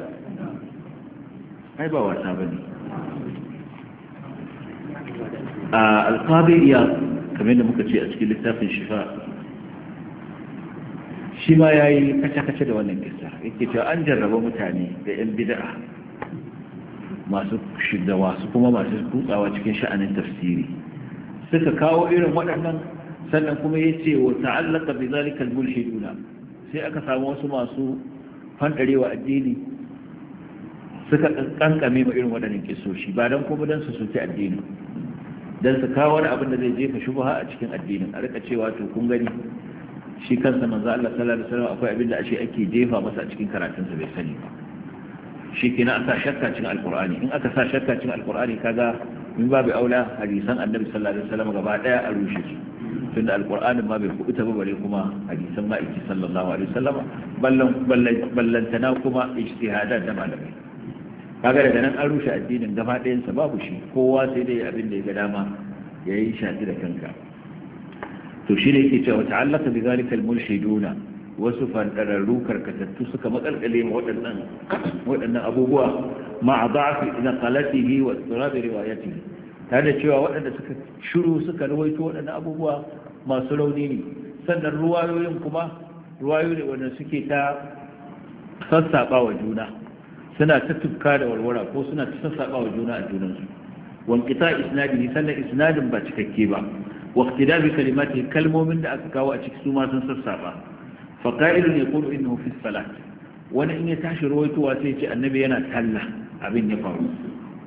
ai ba wata bane a alqabi ya kamar da muka ce a cikin littafin shifa shi ma yayi kace kace da wannan kissa yake cewa an jarraba mutane da yan bid'a masu shiga wasu kuma masu kutsawa cikin sha'anin tafsiri suka kawo irin waɗannan sannan kuma ya ce wa ta'allaka bi zalikal mulhiduna sai aka samu wasu masu fandarewa addini suka kankame ma irin waɗannan kisoshi ba don kuma don su soki addini don su kawo wani abin da zai jefa shubha a cikin addinin a rika cewa to kun gani shi kansa manzo Allah sallallahu alaihi wasallam akwai abin da ashe ake jefa masa a cikin karatunsa bai sani ba shi ke na sa shakka cin alkur'ani in aka sa shakka cin alkur'ani kaga min babu aula hadisan annabi sallallahu alaihi wasallam gaba daya a rushe shi tunda alkur'anin ma bai kubuta ba bare kuma hadisan ma ma'aiki sallallahu alaihi wasallam ballan ballantana kuma ijtihadat da malamai kaga daga nan an rushe addinin gaba ɗayan sa babu shi kowa sai dai abin da ya ga dama yayi shafi da kanka to shi ne yake cewa ta'allaka bi zalika al-mulhiduna wasu fandararru karkatattu suka makalkale ma waɗannan waɗannan abubuwa ma a zafi na qalatihi wa turabi riwayatihi Ta da cewa waɗanda suka shiru suka rawaito waɗannan abubuwa masu rauni ne sannan ruwayoyin kuma ruwayo ne wanda suke ta sassaɓa wa juna suna ta tufka da warwara ko suna ta sassaɓa wa juna a junansu wankita isnadi sannan isnadin ba cikakke ba waqtida bi kalimati kalmomin da aka kawo a ciki su ma sun sassaɓa fa qa'ilun yaqulu innahu fi salat wani in ya tashi ruwaitowa sai ya ce annabi yana talla abin ya faru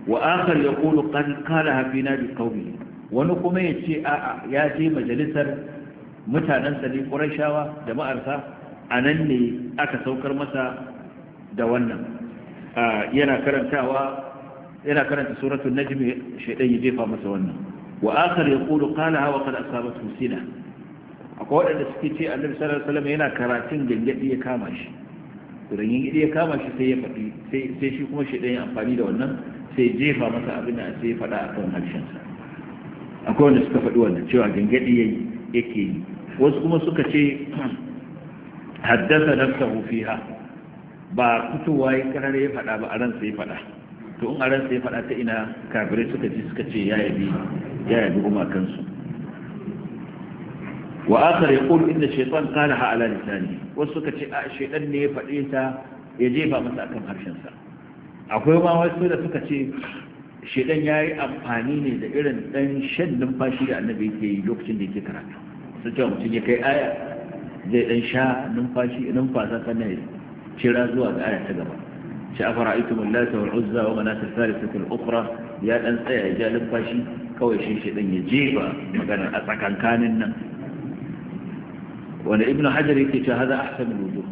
wa akhar yaqulu qad qala hafina bi qawli wani kuma ya ce a'a ya je majalisar mutanen sa ne qurayshawa jama'arsa anan ne aka saukar masa da wannan yana karantawa yana karanta suratul najm shaydan ya jefa masa wannan wa akhar yaqulu qala wa qad asabatu sina akwai waɗanda suke ce annabi sallallahu alaihi wasallam yana karatun gangadi ya kama shi to yin gangadi ya kama shi sai ya faɗi sai shi kuma shi ɗaya amfani da wannan sai jefa masa abin da sai faɗa a kan harshen sa akwai wanda suka faɗi wannan cewa gangadi yake yi wasu kuma suka ce (clears throat) haddasa nafsahu fiha ba fitowa ya karare ya faɗa ba a ran sai faɗa to in a ran sai faɗa ta ina kafirai suka ji suka ce ya yabi ya yabi kansu. wa akhar yaqulu inna shaytan qalaha ala lisani wasu suka ce a shaytan ne ya faɗe ta ya jefa masa akan harshen sa akwai ma wasu da suka ce ya yi amfani ne da irin ɗan shan numfashi da annabi yake yi lokacin da yake karatu su ce mutum ya kai aya zai ɗan sha numfashi numfasa sannan ya kira zuwa ga aya ta gaba shi afara'aytum allata wal uzza wa manat ta thalithah al-ukhra ya ɗan tsaya ya ja numfashi kawai shi shaytan ya jefa magana a tsakankanin nan Wani Ibn hajar yake cewa hada ahsanul wujuh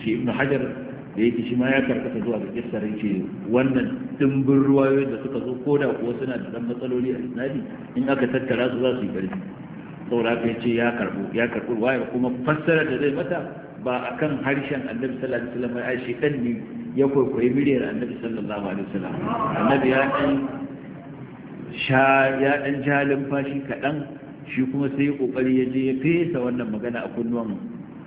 shi Ibn hajar da yake shi ma ya karkata zuwa ga kissar yake wannan dimbin ruwayoyin da suka zo ko da kuwa suna da dan matsaloli a isnadi in aka tattara su za su yi ƙarfi saboda haka yace ya karbu ya karbu ruwayar kuma fassara da zai mata ba akan harshen annabi sallallahu alaihi wasallam ai shi dan ne ya kwaikwayi miliyar annabi sallallahu alaihi wasallam annabi ya dan sha ya dan jalin fashi kaɗan shi kuma sai ya kokari ya je ya fesa wannan magana a kunnuwan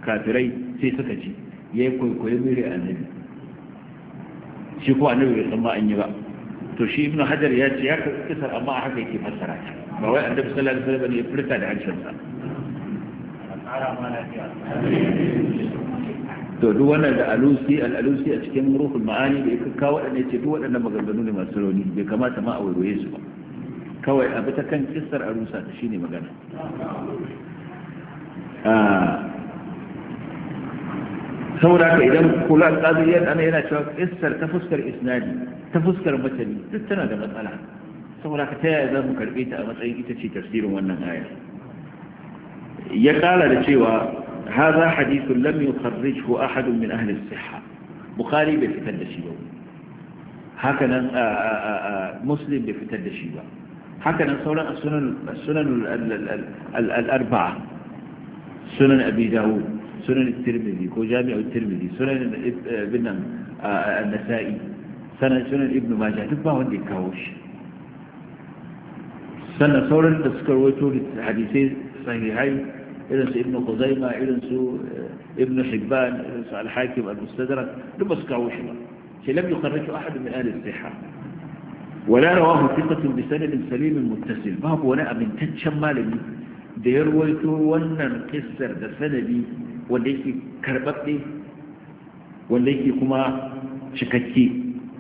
kafirai sai suka ci ya yi kwaikwayo mere nan. shi kuma annabi bai san ma an yi ba to shi ibnu hajar ya ce ya kisa amma haka yake fassara ta ba wai annabi sallallahu alaihi wasallam ya furta da harshen sa to duk wannan da alusi al-alusi a cikin ruhul ma'ani da ya kawo da ne ce duk waɗannan maganganu ne masu rauni bai kamata ma a waiwaye su ba kawai abu ta kan kistar a rusa shi ne magana saboda ka idan kula tsadiyar ana yana cewa kistar ta fuskar isnadi ta fuskar matani duk tana da matsala saboda ka ta yaya za mu karbe ta a matsayin ita ce tafsirin wannan ayar ya kala da cewa hadithun ko min هذا siha لم bai fitar da shi ba hakanan muslim bai fitar da shi ba حكى سنن السنن السنن الاربعه سنن ابي داود سنن الترمذي وجامع الترمذي سنن ابن آه، النسائي سنن سنن ابن ماجه دبا وندي كاوش سنن سورن تذكرتو حديثي صحيحين إذن ابن خزيمة إذن آه، ابن حبان إذن الحاكم المستدرك لم يسكعوش لم يخرجه أحد من آل الزحام wala rawahu thiqatun sanadin salimin muttasil babu wani amintaccen malami da ya ruwaito wannan kissar da sanadi wanda yake karbabbe wanda yake kuma cikakke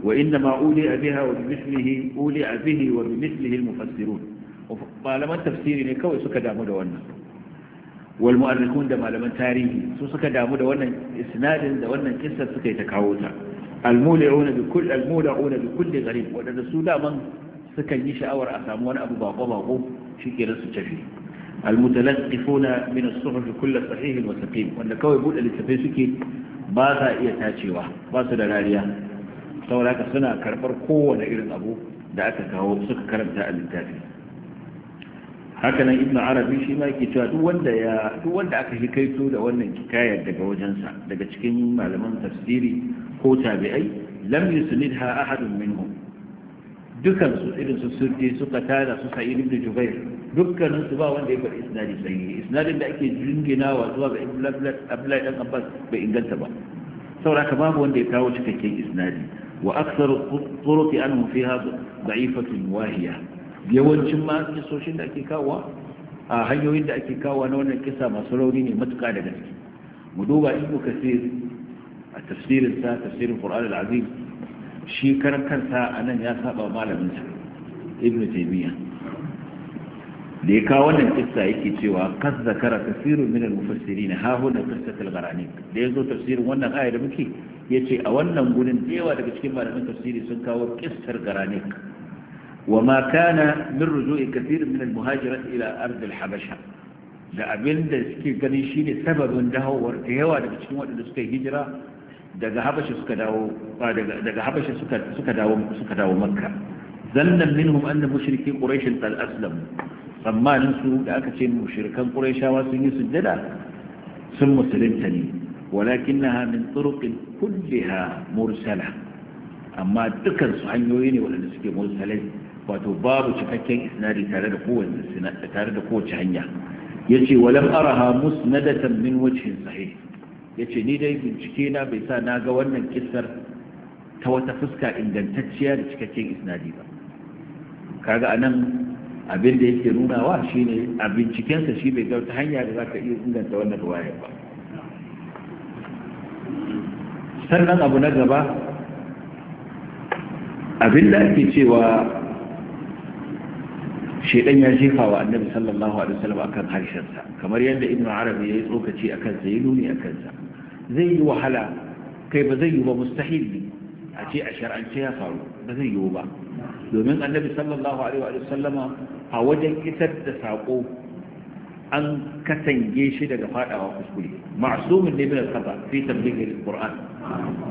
wa inna ma uli abiha wa bimithlihi uli abihi malaman tafsiri ne kawai suka damu da wannan wal mu'arrikhun da malaman tarihi su suka damu da wannan isnadin da wannan suka yi ta kawo ta almula'una bi kulli almula'una bi kulli wadanda su daman sukan yi sha'awar a samu wani abu bako bako shikenan su tafi almutalaqqifuna min as-suhuf kull sahih wa saqim wanda kawai bude littafai suke ba sa iya tacewa ba su da rariya saboda haka suna karbar kowane irin abu da aka kawo suka karanta a littafi hakanan ibn arabi shi ma yake cewa duk wanda ya duk wanda aka hikaito da wannan kikayar daga wajensa daga cikin malaman tafsiri ko tabi'ai lam yusnidha ahadun minhum dukan su irin su sirri suka tada su sa'id ibn jubair dukkanin su ba wanda ya bar isnadi sahihi isnadin da ake jinginawa zuwa ga ibn abdullahi dan abbas bai inganta ba saboda ka babu wanda ya kawo cikakken isnadi wa aktsaru turuqi anhu fiha da'ifatun wahiya yawancin ma kisoshin da ake kawo a hanyoyin da ake kawo na wannan kisa masu rauni ne matuƙa da gaske mu duba ibnu kasir a tafsirin sa tafsirin al-Azim shi karan kansa anan ya saba malamin sa Ibn Taymiyyah da ya kawo wannan kissa yake cewa kas zakara kasirun min al-mufassirin ha huna qissat al-gharani da yazo tafsirin wannan aya da muke ce a wannan gurin dewa daga cikin malamin tafsiri sun kawo kissar gharani wa ma kana min ruju'i kathir min al-muhajirat ila ard al-habasha da abin da suke gani shine sababin dawowar da yawa daga cikin waɗanda suka hijira daga habashi suka dawo suka dawo makka zannan minhum anna mushriki quraish qad aslamu tsammanin su da aka ce mushrikan quraishawa sun yi sujjada sun musulunta ne walakinaha min turuqin kulliha mursala amma dukan su hanyoyi ne wanda suke mursalai wato babu cikakken isnadi tare da kowace tare da kowace hanya yace walam araha musnadatan min wajhin sahih ya ce ni dai bincike na bai sa na ga wannan kisar ta wata fuska ingantacciya da cikakken isnadi ba kaga a nan abin da yake shi shine a bincikensa shi bai gauta hanya da za ka iya inganta wannan ruwayar ba sannan abu na gaba abin da ake cewa shaidan ya jefa wa annabi sallallahu alaihi wasallam akan harshensa kamar yadda ibnu arabi ya yi tsokaci akan sa ya nuni akan sa zai yi wahala kai ba zai yi ba mustahil ne a ce a shar'ance ya faru ba zai yi ba domin annabi sallallahu alaihi wa sallama a wajen isar da sako an katange shi daga fadawa kuskure ma'sumin ne min al-khata fi tablighi al-qur'an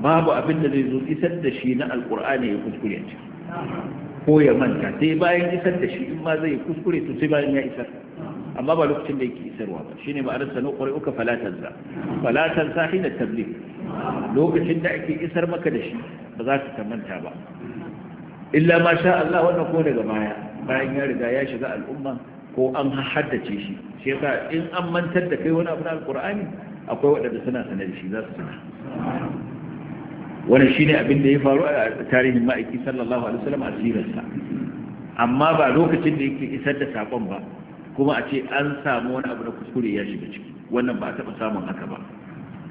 babu abin da zai zo isar da shi na al-qur'ani ya kuskure ce ko ya manta sai bayan isar da shi in ma zai kuskure to sai bayan ya isar amma ba lokacin da yake isarwa ba shine ma'anar sanu uka fala tansa fala tansa hina tabligh lokacin da ake isar maka da shi ba za ka manta ba illa ma sha Allah wannan ko daga baya bayan ya riga ya shiga al'umma ko an haddace shi shi yasa in an mantar da kai wani abu na Alƙur'ani, akwai waɗanda suna sanar shi za su sana wannan shine abin da ya faru a tarihin ma'aiki sallallahu alaihi wasallam a sirarsa amma ba lokacin da yake isar da sakon ba kuma a ce an samu wani abu na kuskure ya shiga ciki wannan ba a taɓa samun haka ba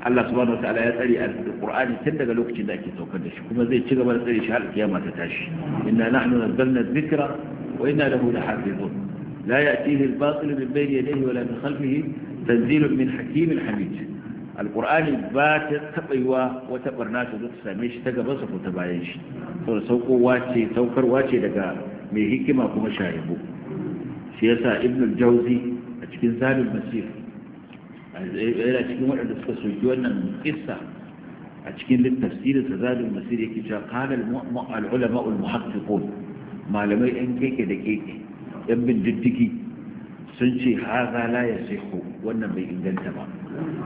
Allah subhanahu wa ta'ala ya tsare al-Qur'ani tun daga lokacin da ake saukar da shi kuma zai ci gaba da tsare shi har kiyama ta tashi inna nahnu nazzalna dhikra wa inna lahu lahafizun la ya'tihi al-batil min bayni yadayhi wa la min khalfihi tanzilun min hakimin hamid alkur'ani ba ta wa wata barna ta zai same shi ta gabansa ko ta bayan shi saboda saukowa ce saukarwa ce daga mai hikima kuma sharibu shi yasa ibn jauzi a cikin zabin masir yana cikin waɗanda suka soki wannan kissa a cikin littafsirin sa zabin masir yake cewa kana al-ulama al-muhaqqiqun malamai ɗan keke da keke ɗan bin diddigi sun ce haza la ya yasihu wannan bai inganta ba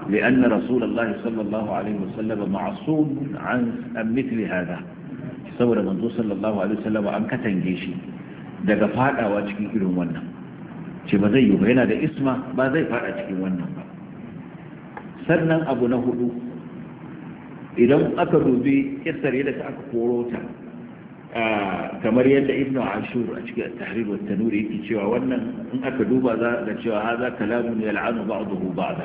لأن رسول الله صلى الله عليه وسلم معصوم عن مثل هذا saboda manzo sallallahu alaihi wasallam an katange shi daga fadawa cikin irin wannan ce ba zai yi ba yana da isma ba zai fada cikin wannan ba sannan abu na hudu idan aka dubi kisar yadda ta aka koro ta kamar yadda ibnu ashur a cikin tahrir wa tanuri yake cewa wannan in aka duba za ga cewa haza kalamun yal'anu ba'dahu ba'da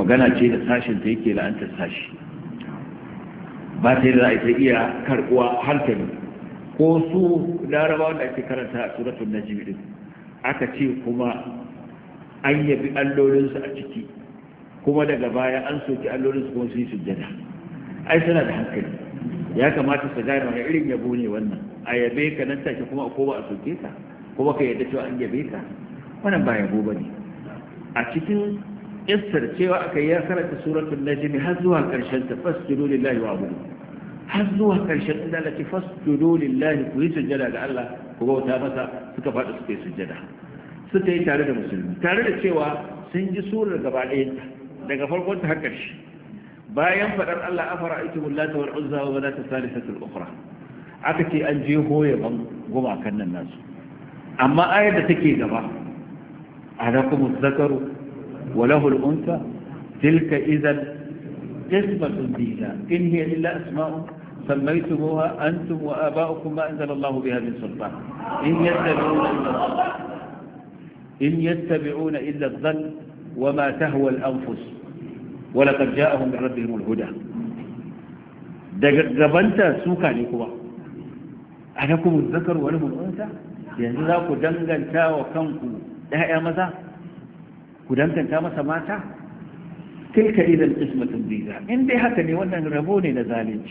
magana ce da sashin ta yake la'anta sashi ba sai da ita iya karbuwa hankali ko su larabawa da ake karanta a suratul najm din aka ce kuma an yabi allolinsu a ciki kuma daga baya an soki allolinsu kuma su yi sujjada ai suna da hankali ya kamata su gane wani irin yabo ne wannan a yabe ka nan take kuma a kowa a soke ka kuma ka yadda cewa an yabe ka wannan ba yabo ba ne a cikin istar cewa aka yi ya karanta suratul najm har zuwa karshen ta fasjudu lillahi wa abudu har zuwa karshen inda Allah ce fasjudu lillahi ku yi sujjada ga Allah ku bauta masa suka faɗi suka yi sujjada suka yi tare da musulmi tare da cewa sun ji surar gaba ɗaya daga farkon ta har shi bayan faɗar Allah afara ita mullata wal uzza wa ta salisatul ukhra aka ce an je hoye ban gumakan nan nasu amma ayar da take gaba anakum zakaru wa lahu al unsa tilka idan qismatun dila in hiya illa asma'un سميتموها أنتم وآباؤكم ما أنزل الله بها من سلطان إن يتبعون إلا الظن إن يتبعون إلا الظل وما تهوى الأنفس ولقد جاءهم من ربهم الهدى دقبنت سوكا لكوا أنكم الذكر ولم الأنثى يزاق تا وكمكم ده يا ماذا مزا كدنقا سماتا تلك إذا قسمه البيضاء إن بهتني تنيونا نربوني لذلك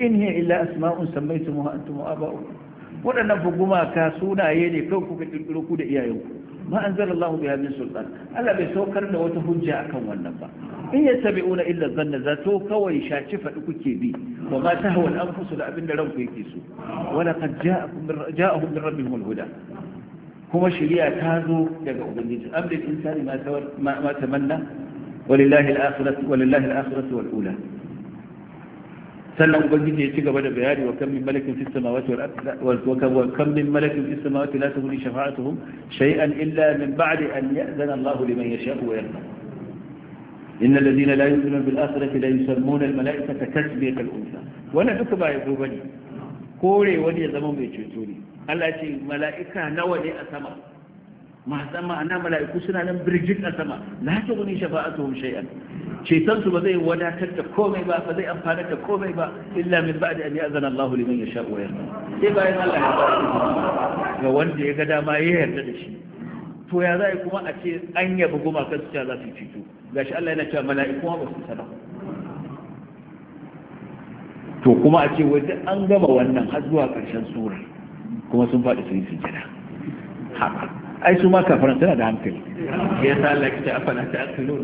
in hiya illa asma'un sammaytumuha antum wa aba'ukum waɗannan buguma ka sunaye ne kawai kuka kirkiro ku da iyayenku ma anzalallahu biha min sultan Allah bai saukar da wata hujja akan wannan ba in yattabi'una illa dhanna zato kawai shaci fadi kuke bi wa ma tahwa al-anfusu da abinda ranku yake so wa laqad ja'akum ja'ahum min rabbihim al-huda kuma shari'a ta zo daga ubangiji amrin insani ma tamanna ولله الآخرة ولله الآخرة والأولى sannan ubangiji ya ci gaba da bayani wa kammin malakin fi samawati wa kammin malakin fi samawati la tuhni shafa'atuhum shay'an illa min ba'di an ya'zana Allah liman yasha'u wa yarda إن الذين لا يؤمنون بالآخرة لا يسمون الملائكة تسمية الأنثى ولا duka ba ya yabo bane kore wani ya zama mai ceto ne Allah ce mala'ika nawa ne a sama masu ana mala'iku suna nan birjin a sama la ta wani shafa'atuhum shay'an ceton su ba zai wadatar da komai ba ba zai amfanar da komai ba illa min ba da an ya'zana Allahu liman yasha wa yarda sai bayan Allah ya ba ga wanda ya ga dama ya yarda da shi to ya zai kuma a ce an yabi goma kan su cewa za su fito shi Allah yana cewa mala'iku ba su sana to kuma a ce wai an gama wannan har zuwa ƙarshen sura kuma sun faɗi sun yi sujada haka ai su ma kafaran tana da hankali ya sa Allah kita afala ta akalun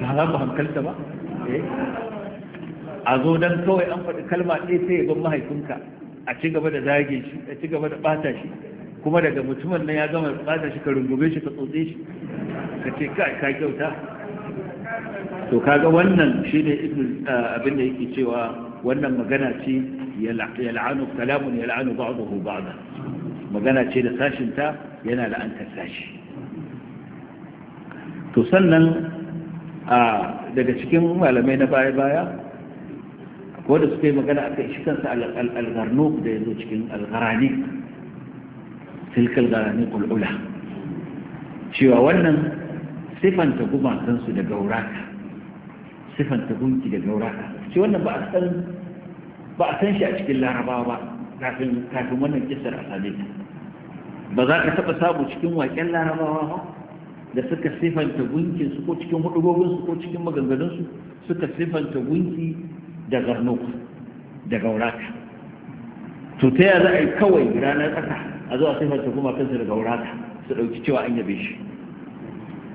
ba za ku hankalta ba eh. a zo dan kawai an faɗi kalma ɗaya sai ya mahaifinka a ci gaba da zage shi a ci gaba da ɓata shi kuma daga mutumin nan ya gama ɓata shi ka rungume shi ka tsotse shi ka ce ka ka kyauta to kaga wannan shine ne abin da yake cewa wannan magana ce yal'anu kalamun yal'anu ba'dahu ba'dahu magana ce da sashinta yana la'antar sashi to sannan a daga cikin malamai na baya-baya akwai da suka yi magana a kai shi algarno da ya cikin algarani silkal garani kul'ula cewa wannan sifanta gumakansu da gauraka sifanta gunki da gauraka ce wannan ba a san shi a cikin larabawa ba kafin wannan kisar a same ta ba za ka taɓa samu cikin waƙen larabawa ba da suka sifanta gunki su ko cikin hudugogin su ko cikin maganganun su suka sifanta gunki da garno da gauraka to ta yaya za a yi kawai ranar ƙasa a zuwa sifanta kuma kansu da gauraka su ɗauki cewa an yabe shi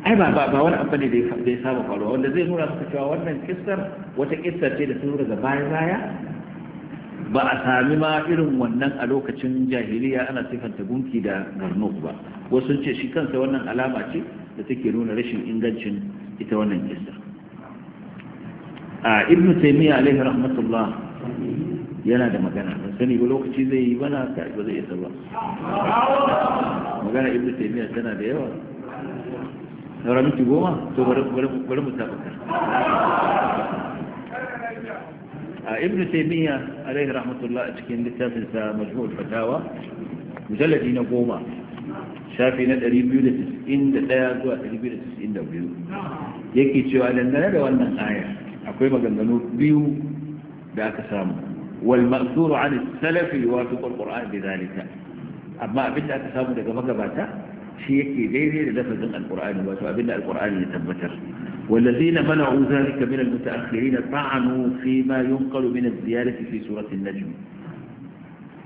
ai ba ba wani abu ne da ya saba faruwa wanda zai nuna suka cewa wannan kissar wata kissar ce da sun da baya baya ba a sami ma irin wannan a lokacin jahiliya ana sifanta gunki da garnuk ba wasu ce shi kansa wannan alama ce da take nuna rashin ingancin ita wannan kista a ibn taymiya alaihi rahmatullah yana da magana ban sani ba lokaci zai yi bana ka ba zai isa ba magana ibn taymiya tana da yawa saura miki goma to bari mu tabbata ibn taymiya alaihi rahmatullah a cikin littafin sa majmu'ul fatawa mujalladi na goma shafi na 291 zuwa 292 yake cewa dangane da wannan aya akwai maganganu biyu da aka samu wal ma'thuru an salafi wa fi qur'an bi zalika amma abin aka samu daga magabata شيكي غيري لفظ القرآن وتؤمن القرآن لتبتر والذين منعوا ذلك من المتأخرين طعنوا فيما ينقل من الزيارة في سورة النجم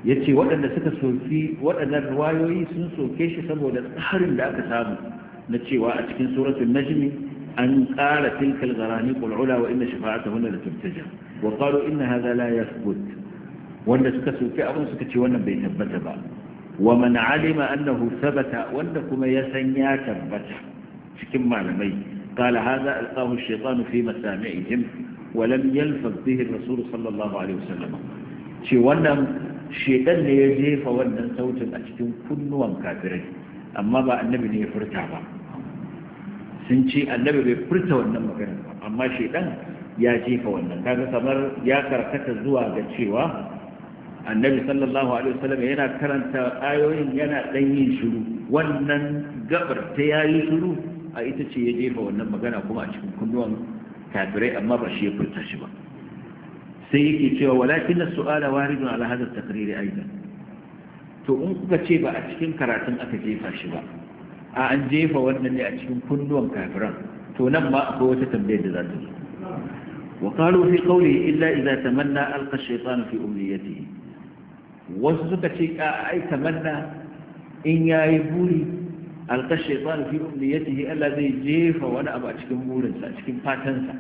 يتشي وأن ستة سلسي وأن الرواية سنسو كيش سبو لتحرم لأك سابو نتشي وأتكن سورة النجم أن قال تلك الغرانيق العلا وإن شفاعتهن لتبتجى وقالوا إن هذا لا يثبت وأن ستة سلسي أظن سكتشي وأن بيتبتبع wa man alima annahu sabata wanda kuma ya san ya tabbata cikin malamai qala hadha alqahu ash-shaytanu fi masami'ihim wa lam yalfaz bihi ar-rasul sallallahu alaihi wasallam ce wannan shaytan ne ya jefa wannan sautin a cikin kunnuwan kafirai amma ba annabi ne ya furta ba sun ce annabi bai furta wannan magana ba amma shaytan ya jefa wannan kaga kamar ya karkata zuwa ga cewa annabi sallallahu alaihi wasallam yana karanta ayoyin yana dan yin shiru wannan gabar ta yayi shiru a ita ce ya jefa wannan magana kuma a cikin kunnuwan kafirai amma ba shi ya furta shi ba sai yake cewa walakin as-su'ala waridun ala hadha at-taqrir aidan to in kuka ce ba a cikin karatun aka jefa shi ba a an jefa wannan ne a cikin kunnuwan kafiran to nan ma akwai wata tambayar da za ta zo وقالوا في قوله إلا إذا تمنى ألقى الشيطان في أمنيته wasu suka ce ai manna in ya yi buri alka shaytan fi umniyatihi Allah zai jefa wani abu a cikin burinsa a cikin fatansa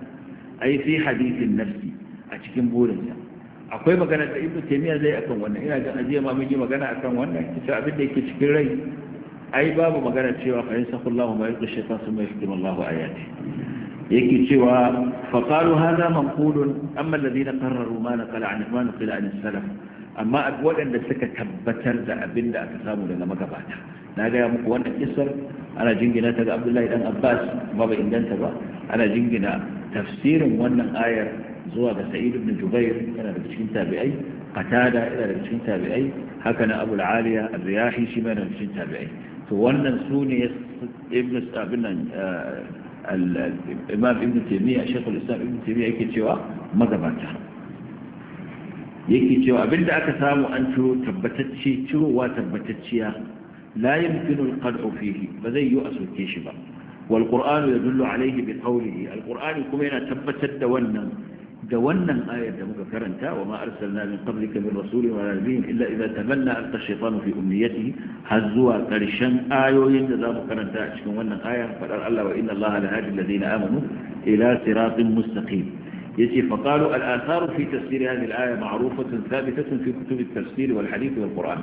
a yi fi hadisin nafsi a cikin burinsa akwai magana da ibnu taymiya zai akan wannan ina ga ajiya ma mun yi magana akan wannan kisa abin da yake cikin rai ai babu magana cewa fa yansahu Allahu ma yulqi shaytan thumma yahkimu Allahu ayati yake cewa fa qalu hadha manqulun amma alladhina qarraru ma naqala an ma naqala an salaf amma waɗanda suka tabbatar da abin da aka samu daga magabata na gaya muku wannan kisar ana jingina ta ga abdullahi dan abbas ba bai inganta ba ana jingina tafsirin wannan ayar zuwa ga sa'id ibn jubair yana daga cikin tabi'ai qatada yana daga cikin tabi'ai haka na abul aliya ar-riyahi shi ma yana daga cikin tabi'ai to wannan sune ibn abin nan eh, al-imam ibn taymiyyah shaykhul islam ibn taymiyyah yake cewa magabata yake cewa abinda aka samu an ciro tabbatacce cirowa tabbatacciya la yumkinu al-qad'u fihi ba zai yi a soke shi ba wal qur'anu yadullu alayhi bi qawlihi al-qur'ani kuma yana tabbatar da wannan da wannan ayar da muka karanta wa ma arsalna min qablika min rasulin wa nabiyyin illa idza tamanna alqa shaytanu fi umniyatihi har zuwa karshen ayoyin da zamu karanta a cikin wannan aya fadar Allah wa inna Allah la hadi alladhina amanu ila siratin mustaqim يجي فقالوا الآثار في تفسير هذه الآية معروفة ثابتة في كتب التفسير والحديث والقرآن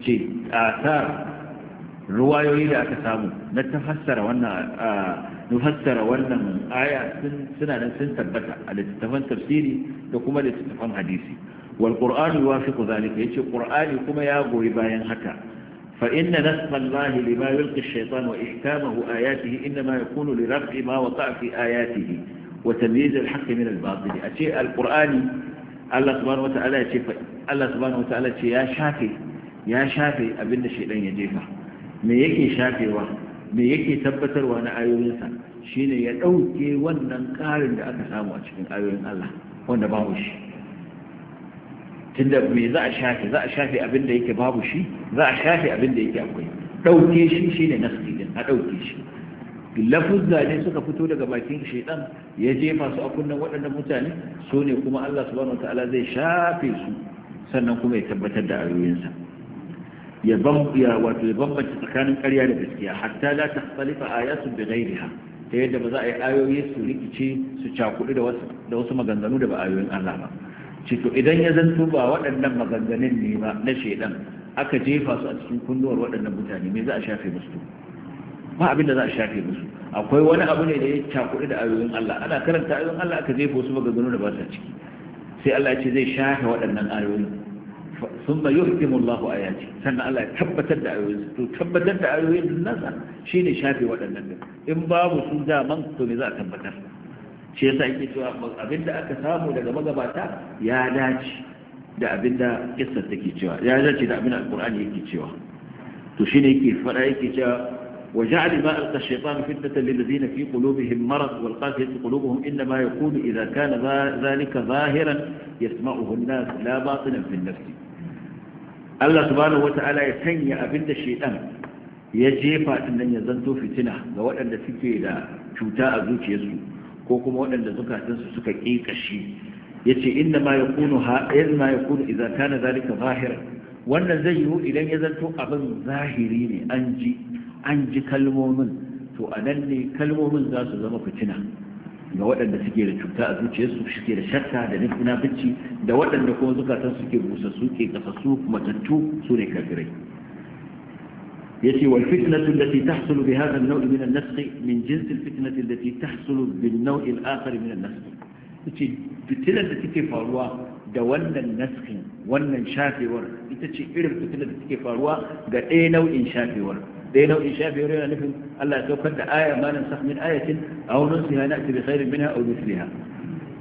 يجي آثار رواية إلى أكسامه نتفسر وأن نفسر وأن آية سنة سنتبتها التي تفسيري لكم التي تفهم حديثي والقرآن يوافق ذلك يجي القرآن كما يابو ربايا هكا فإن نسخ الله لما يلقي الشيطان وإحكامه آياته إنما يكون لرفع ما وقع في آياته وتمييز الحق من الباطل أتي القرآن الله سبحانه وتعالى يتي الله سبحانه وتعالى يا شافي يا شافي أبن الشيطان يجيفه me yake shafewa me yake tabbatarwa na ayoyinsa shine ya ɗauke wannan ƙarin da aka samu a cikin ayoyin Allah wanda babu shi tunda me za a shafe za a shafe abin da yake babu shi za a shafe abin da yake akwai ɗauke shi shine nasti din a ɗauke shi lafuzza ne suka fito daga bakin shaidan ya jefa su a kunnen waɗannan mutane su ne kuma Allah subhanahu ta'ala zai shafe su sannan kuma ya tabbatar da ayoyinsa ya wato ya bambanta tsakanin ƙarya da gaskiya hatta la aya ayatu bi ghayriha ta yadda ba za a yi ayoyi su rikice su cakudu da wasu da wasu maganganu da ba ayoyin Allah ba ce to idan ya zanto ba waɗannan maganganun ne ba na shaidan aka jefa su a cikin kunnuwar waɗannan mutane me za a shafe musu ba abin da za a shafe musu akwai wani abu ne da ya cakuɗi da ayoyin Allah ana karanta ayoyin Allah aka jefa wasu maganganu da ba sa ciki sai Allah ya ce zai shafe waɗannan ayoyin sun ba yuhkimu Allahu ayati sannan Allah ya tabbatar da ayoyin to tabbatar da ayoyin nasa shine shafe waɗannan din in babu su man to me za a tabbatar shi yasa yake cewa abin da aka samu daga magabata ya dace da abin da kissa take cewa ya dace da abin da alqur'ani yake cewa to shine yake fara yake cewa وجعل ما ألقى الشيطان فتنة للذين في قلوبهم مرض والقاسية قلوبهم إنما يكون إذا كان ذلك ظاهرا يسمعه الناس لا باطنا في النفس الله سبحانه وتعالى يتنيا أبن الشيطان يجيب أن يزنتوا فتنة وأن تكي إلى شتاء ذوك يسو كوكم وأن ذكا تنسو سكا كيك الشيء يتي إنما يكون, إنما يكون إذا كان ذلك ظاهرا وأن زيه إلى يزنتوا أبن ظاهرين أنجي an ji kalmomin to a nan ne kalmomin za su zama fitina ga waɗanda suke da cuta a zuciyarsu suke da shakka da nufi da waɗanda kuma zukatan suke busa suke su matattu su ne kafirai يتي والفتنة التي تحصل بهذا النوع من النسخ من جنس الفتنة التي تحصل بالنوع الآخر من النسخ يتي فتنة التي تفعلوا دولنا النسخ وانا شافي ور يتي إرم فتنة التي تفعلوا faruwa ga ɗaya nau'in ور dai nau'in shafi yana nufin Allah ya saukar da aya ma nan sah min ayatin aw nusiha na'ti bi khairin minha aw mithliha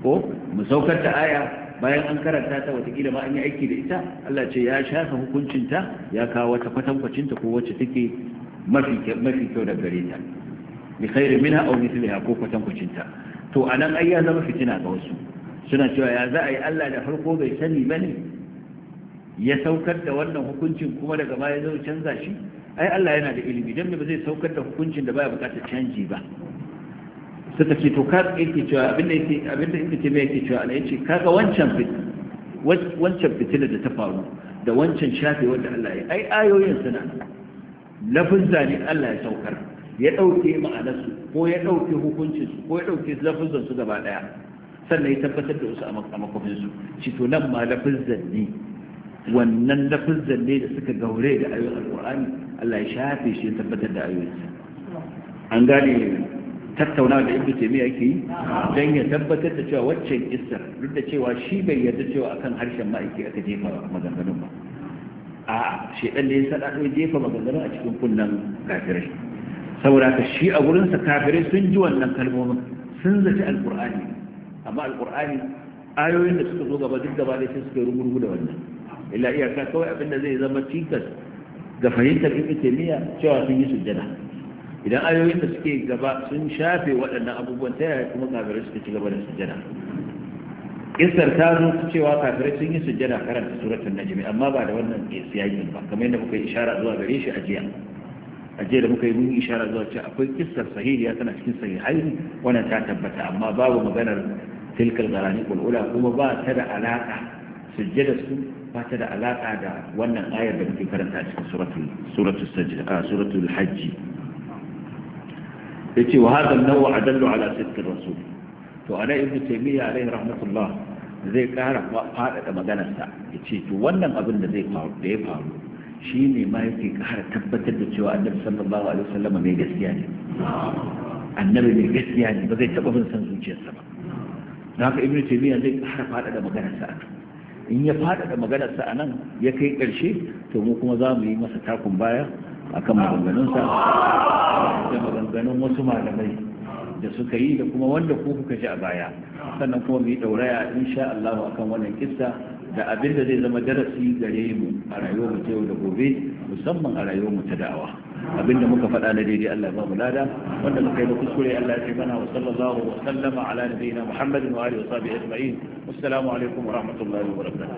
ko mu saukar da aya bayan an karanta ta watakila ma an yi aiki da ita Allah ce ya shafa hukuncinta ya kawo wata kwatankwacinta ko wacce take mafi kyau da gare ta bi khairin minha aw mithliha ko kwatankwacinta to anan ai ya zama fitina ga wasu suna cewa ya za a yi Allah da farko bai sani ba ne? ya saukar da wannan hukuncin kuma daga baya zai canza shi ai Allah yana da ilimi dan ba zai saukar da hukuncin da baya bukatar canji ba suka ce to ka yake cewa abinda yake abinda yake ce me yake cewa Allah yace kaga wancan fit wancan fitila da ta faru da wancan shafe wanda Allah ya ai ayoyin suna lafin zane Allah ya saukar ya dauke ma'anarsu ko ya dauke hukuncinsu ko ya dauke lafin su gaba daya sannan ya tabbatar da wasu a makofin su shi to nan ma lafin zanni wannan lafizan ne da suka gaure da ayoyin alkur'ani Allah ya shafe shi ya tabbatar da ayoyinsa an gane tattaunawa da ibnu taymiya yake yi dan ya tabbatar da cewa waccan kissar duk da cewa shi bai yarda cewa akan harshen ma'aiki aka jefa maganganun ba a shedan da ya sada ɗaya jefa maganganun a cikin kunnen kafirai saboda ka shi a sa kafirai sun ji wannan kalmomin sun zaci alkur'ani amma alkur'ani ayoyin da suka zo gaba duk gaba da sai suka yi rubutu da wannan illa iyaka kawai abin da zai zama cikas ga fahimtar ibn taymiya cewa sun yi sujjada idan ayoyin da suke gaba sun shafe waɗannan abubuwan ta yaya kuma kafirai suka ci gaba da sujjada kisar ta zo ta cewa kafirai sun yi sujjada karanta suratul najmi amma ba da wannan siyakin ba kamar yadda muka yi ishara zuwa gare shi a jiya a jiya da muka yi mun ishara zuwa cewa akwai kisar sahihiya tana cikin sahihaini wannan ta tabbata amma babu maganar tilkar garani kulula kuma ba ta da alaka sujjada su ba ta da alaka da wannan ayar da muke karanta cikin suratul suratul sajda suratul hajj ce wa hadha nawa a adallu ala sidqi rasul to ana ibnu taymiya alaihi rahmatullah zai ƙara faɗaɗa maganarsa ya ce to wannan abin da zai faru da ya faru shi ne ma yake ƙara tabbatar da cewa annabi sallallahu alaihi wasallam mai gaskiya ne annabi mai gaskiya ne ba zai taɓa bin san zuciyarsa ba don haka ibnu taymiya zai ƙara faɗaɗa maganarsa a in ya faɗaɗa maganarsa a nan ya kai ƙarshe to mu kuma za mu yi masa takun baya a kan maganganunsa da maganganun wasu malamai da suka yi da kuma wanda ku kuka ji a baya sannan kuma mu yi ɗauraya insha Allah akan wannan kissa da abin da zai zama darasi gare mu a rayuwar mu yau da gobe musamman a rayuwar mu ta da'awa abin da muka faɗa na daidai Allah ba mu lada wanda muka yi kuskure Allah ya mana wa sallallahu wa sallama ala nabiyina Muhammadin wa alihi wa sahbihi ajma'in assalamu alaikum wa rahmatullahi wa barakatuh